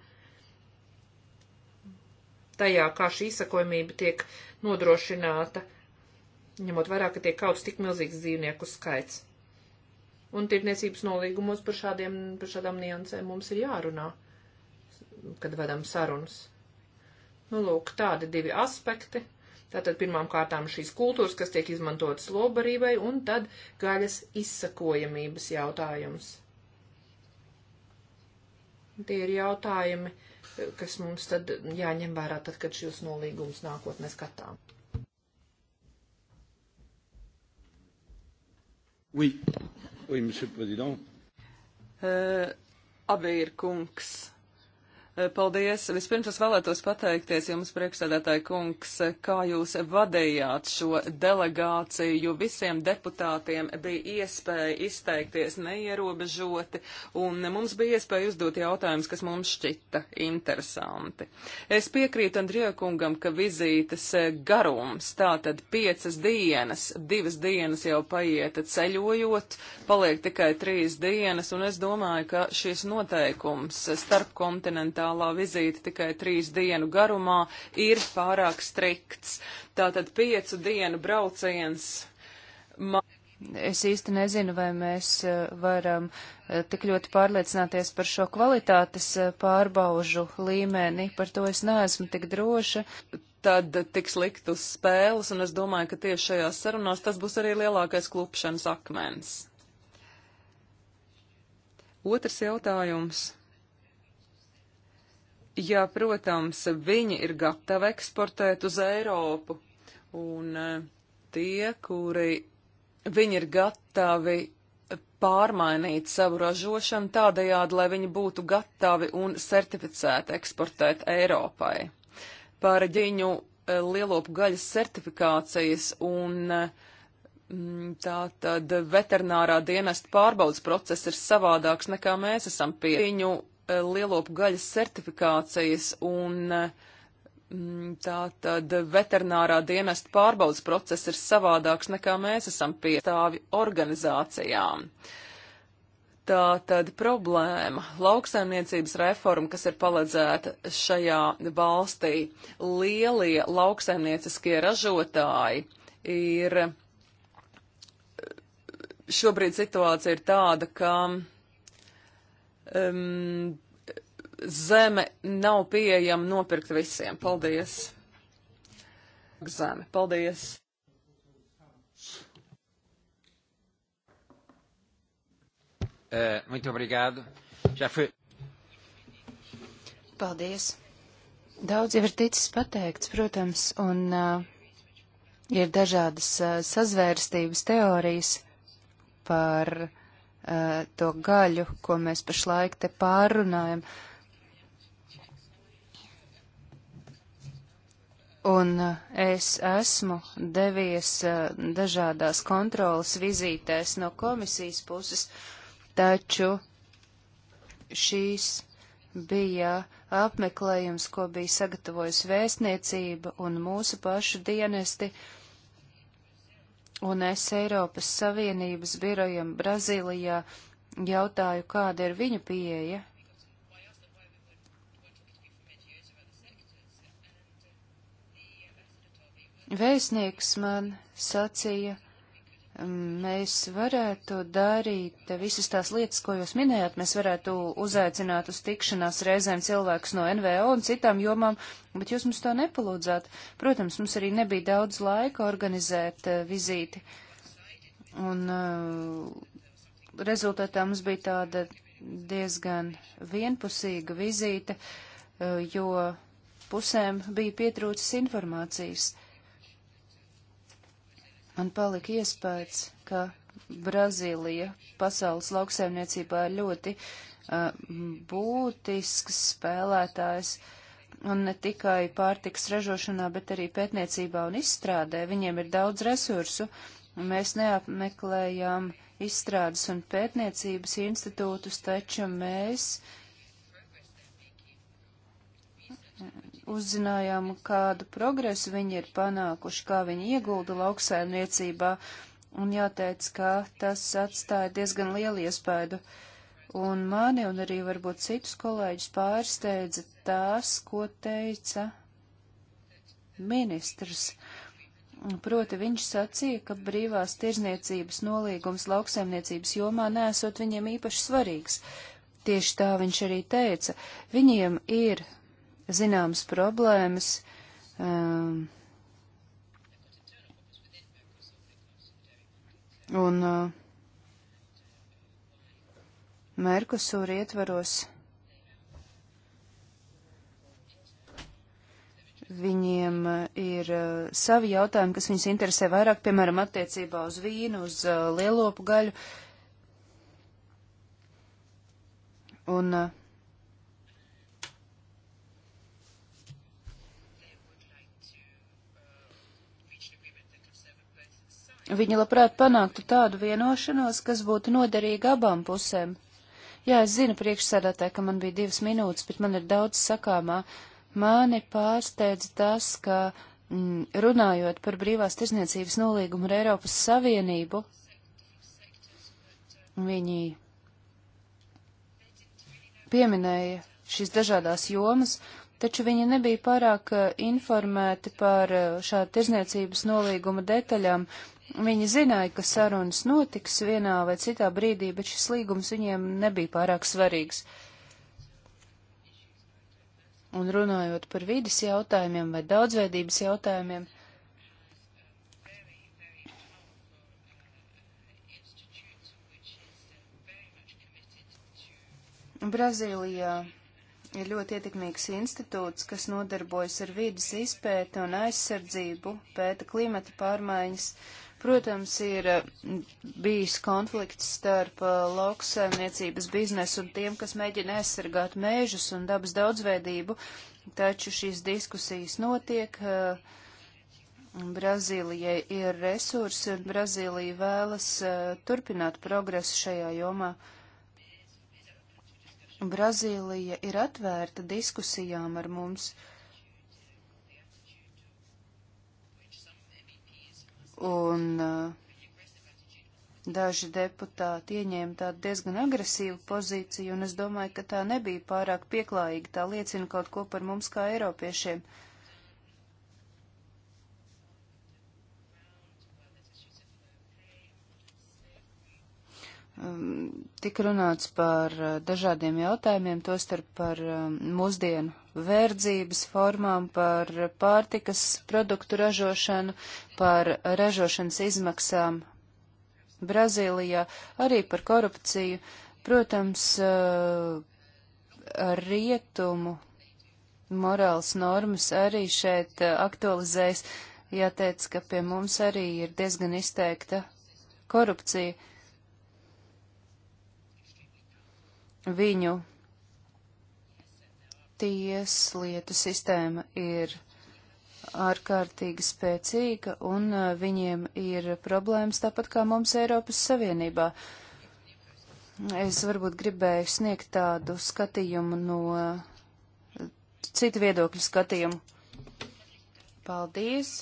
tajā, kā šī izsakojamība tiek nodrošināta, ņemot vairāk, ka tiek kauts tik milzīgs dzīvnieku skaits un tirniecības nolīgumos par, šādiem, par šādām niansēm mums ir jārunā, kad vedam sarunas. Nu, lūk, tādi divi aspekti. Tātad pirmām kārtām šīs kultūras, kas tiek izmantotas lobarībai, un tad gaļas izsakojamības jautājums. Tie ir jautājumi, kas mums tad jāņem vērā, tad, kad šos nolīgumus nākotnē skatām. Oui, Oui, monsieur le président. Uh, Abeir kungs. Eh, paldies! Vispirms es vēlētos pateikties jums, priekšsēdētāji kungs, kā jūs vadījāt šo delegāciju, jo visiem deputātiem bija iespēja izteikties neierobežoti, un mums bija iespēja uzdot jautājumus, kas mums šķita interesanti. Es piekrītu Andrija kungam, ka vizītes eh, garums, tātad piecas dienas, divas dienas jau paieta ceļojot, paliek tikai trīs dienas, un es domāju, ka šis noteikums starpkontinentālais oficiālā vizīte tikai trīs dienu garumā ir pārāk strikts. Tātad piecu dienu brauciens. Ma Es īsti nezinu, vai mēs eh, varam eh, tik ļoti pārliecināties par šo kvalitātes eh, pārbaužu līmeni, par to es neesmu tik droša. Tad tiks likt uz spēles, un es domāju, ka tieši šajās sarunās tas būs arī lielākais klupšanas akmens. Otrs jautājums ja, protams, viņi ir gatavi eksportēt uz Eiropu, un e, tie, kuri viņi ir gatavi pārmainīt savu ražošanu tādējādi, lai viņi būtu gatavi un certificēti eksportēt Eiropai. Par ģiņu e, lielopu gaļas certifikācijas un e, tā tad veterinārā dienesta pārbaudas process ir savādāks nekā mēs esam pie viņu Eh, lielopu gaļas certifikācijas un eh, mm, tā tad veterinārā dienesta pārbaudas process ir savādāks nekā mēs esam piestāvi organizācijām. Tā tad problēma lauksaimniecības reforma, kas ir paledzēta šajā valstī, lielie lauksaimnieciskie ražotāji ir eh, šobrīd situācija ir tāda, ka um, zeme nav pieejama nopirkt visiem. Paldies! Zeme, paldies! Uh, muito obrigado. Já foi. Paldies. Daudz jau ir ticis pateikts, protams, un uh, ir dažādas uh, sazvērstības teorijas par uh, Eh, to gaļu, ko mēs pašlaik te pārunājam. Un eh, es esmu devies eh, dažādās kontrolas vizītēs no komisijas puses, taču šīs bija apmeklējums, ko bija sagatavojusi vēstniecība un mūsu pašu dienesti. Uh, un es Eiropas Savienības birojam Brazīlijā jautāju, kāda ir viņu pieeja. Vēstnieks man sacīja, mēs varētu darīt visas tās lietas, ko jūs minējāt. Mēs varētu uzaicināt uz tikšanās reizēm cilvēkus no NVO un citām jomām, bet jūs mums to nepalūdzāt. Protams, mums arī nebija daudz laika organizēt uh, vizīti. Un uh, rezultātā mums bija tāda diezgan vienpusīga vizīte, uh, jo pusēm bija pietrūcis informācijas. Man palika iespējas, ka Brazīlija pasaules lauksaimniecībā ir ļoti uh, būtisks spēlētājs, un ne tikai pārtiks ražošanā, bet arī pētniecībā un izstrādē. Viņiem ir daudz resursu, un mēs neapmeklējām izstrādes un pētniecības institūtus, taču mēs uh, uzzinājām, kādu progresu viņi ir panākuši, kā viņi iegulda lauksaimniecībā, un jāteic, ka tas atstāja diezgan lielu iespaidu. Un mani un arī varbūt citus kolēģus pārsteidza tās, ko teica ministrs. Proti viņš sacīja, ka brīvās tirzniecības nolīgums lauksaimniecības jomā nesot viņiem īpaši svarīgs. Tieši tā viņš arī teica. Viņiem ir zināmas problēmas. Um, un uh, Merkusūra ietvaros viņiem uh, ir uh, savi jautājumi, kas viņus interesē vairāk, piemēram, attiecībā uz vīnu, uz uh, lielopu gaļu. Un uh, Viņa labprāt panāktu tādu vienošanos, kas būtu noderīga abām pusēm. Jā, es zinu priekšsēdētāji, ka man bija divas minūtes, bet man ir daudz sakāmā. Mani pārsteidz tas, ka mm, runājot par brīvās tirzniecības nolīgumu ar Eiropas Savienību, viņi pieminēja šīs dažādās jomas, taču viņi nebija pārāk eh, informēti par eh, šādu tirzniecības nolīguma detaļām, Viņi zināja, ka sarunas notiks vienā vai citā brīdī, bet šis līgums viņiem nebija pārāk svarīgs. Un runājot par vidas jautājumiem vai daudzveidības jautājumiem, Brazīlijā ir ļoti ietekmīgs institūts, kas nodarbojas ar vidas izpēti un aizsardzību, pēta klimata pārmaiņas. Uh, Protams, ir eh, bijis konflikts starp eh, lauksaimniecības biznesu un tiem, kas mēģina aizsargāt mēžus un dabas daudzveidību, taču šīs diskusijas notiek. Eh, Brazīlijai ir resursi un Brazīlija vēlas turpināt progresu šajā jomā. Brazīlija ir atvērta diskusijām ar mums. Uh, Un eh, daži deputāti ieņēma tādu diezgan agresīvu pozīciju, un es domāju, ka tā nebija pārāk pieklājīga. Tā liecina kaut ko par mums kā Eiropiešiem. Uh, Um, tika runāts par uh, dažādiem jautājumiem, tostarp par um, mūsdienu verdzības formām, par pārtikas produktu ražošanu, par ražošanas izmaksām Brazīlijā, arī par korupciju. Protams, uh, rietumu morāls normas arī šeit uh, aktualizējas. Jāteic, ka pie mums arī ir diezgan izteikta korupcija. viņu tieslietu sistēma ir ārkārtīgi spēcīga, un uh, viņiem ir problēmas tāpat kā mums Eiropas Savienībā. Es varbūt gribēju sniegt tādu skatījumu no uh, citu viedokļu skatījumu. Paldies!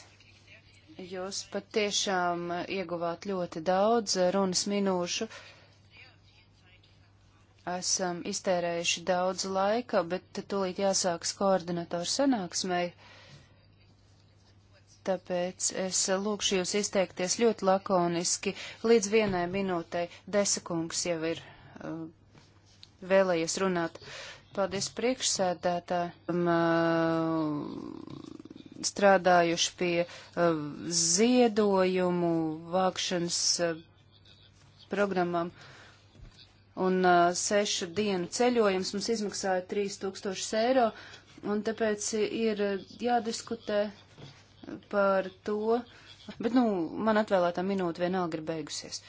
Jūs pat tiešām uh, ieguvāt ļoti daudz runas minūšu. Uh, esam iztērējuši daudz laika, bet tūlīt jāsākas koordinatoru sanāksmei. Tāpēc es lūkšu jūs izteikties ļoti lakoniski, līdz vienai minūtei. Desakungs jau ir uh, vēlējies runāt. Paldies priekšsēdētājiem. Uh, strādājuši pie uh, ziedojumu vākšanas uh, programmām. Uh, un uh, sešu dienu ceļojums mums izmaksāja 3000 eiro, un tāpēc ir jādiskutē par to, bet, nu, man atvēlētā minūte vienalga ir beigusies.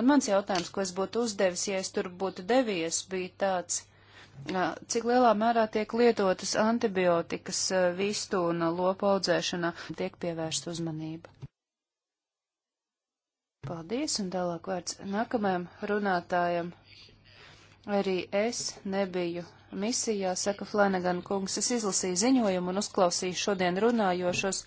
Un mans jautājums, ko es būtu uzdevis, ja es tur būtu devies, bija tāds, uh, cik lielā mērā tiek lietotas antibiotikas uh, vistu un lopu audzēšanā, tiek pievērsta uzmanība. Paldies, un tālāk vārds nākamajam runātājam. Arī es nebiju misijā, saka Flanagan kungs, es izlasīju ziņojumu un uzklausīju šodien runājošos.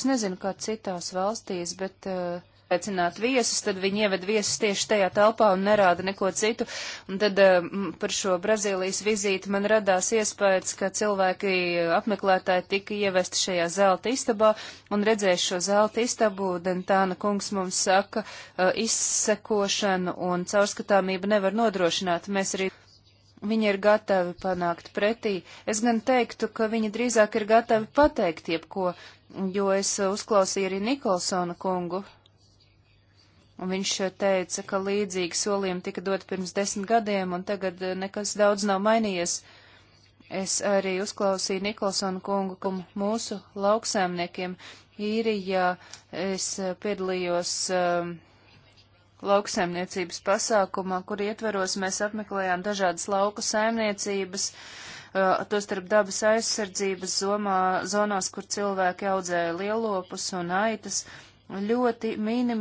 Es nezinu, kā citās valstīs, bet uh, aicināt viesus, tad viņi ieved viesus tieši tajā telpā un nerāda neko citu. Un tad um, par šo Brazīlijas vizīti man radās iespējas, ka cilvēki eh, apmeklētāji tika ievesti šajā zelta istabā un redzējuši šo zelta istabu. Dentāna kungs mums saka, uh, izsekošanu un caurskatāmību nevar nodrošināt. Mēs arī Viņi ir gatavi panākt pretī. Es gan teiktu, ka viņi drīzāk ir gatavi pateikt jebko, jo es uzklausīju arī Nikolsona kungu, Un viņš teica, ka līdzīgi solījumi tika dot pirms desmit gadiem, un tagad eh, nekas daudz nav mainījies. Es arī uzklausīju Nikolsonu kungu, ka mūsu lauksēmniekiem īrijā es eh, piedalījos um, lauksēmniecības pasākumā, kur ietveros mēs apmeklējām dažādas lauku saimniecības, uh, to starp dabas aizsardzības zomā, zonās, kur cilvēki audzēja lielopus un aitas, ļoti minimāli.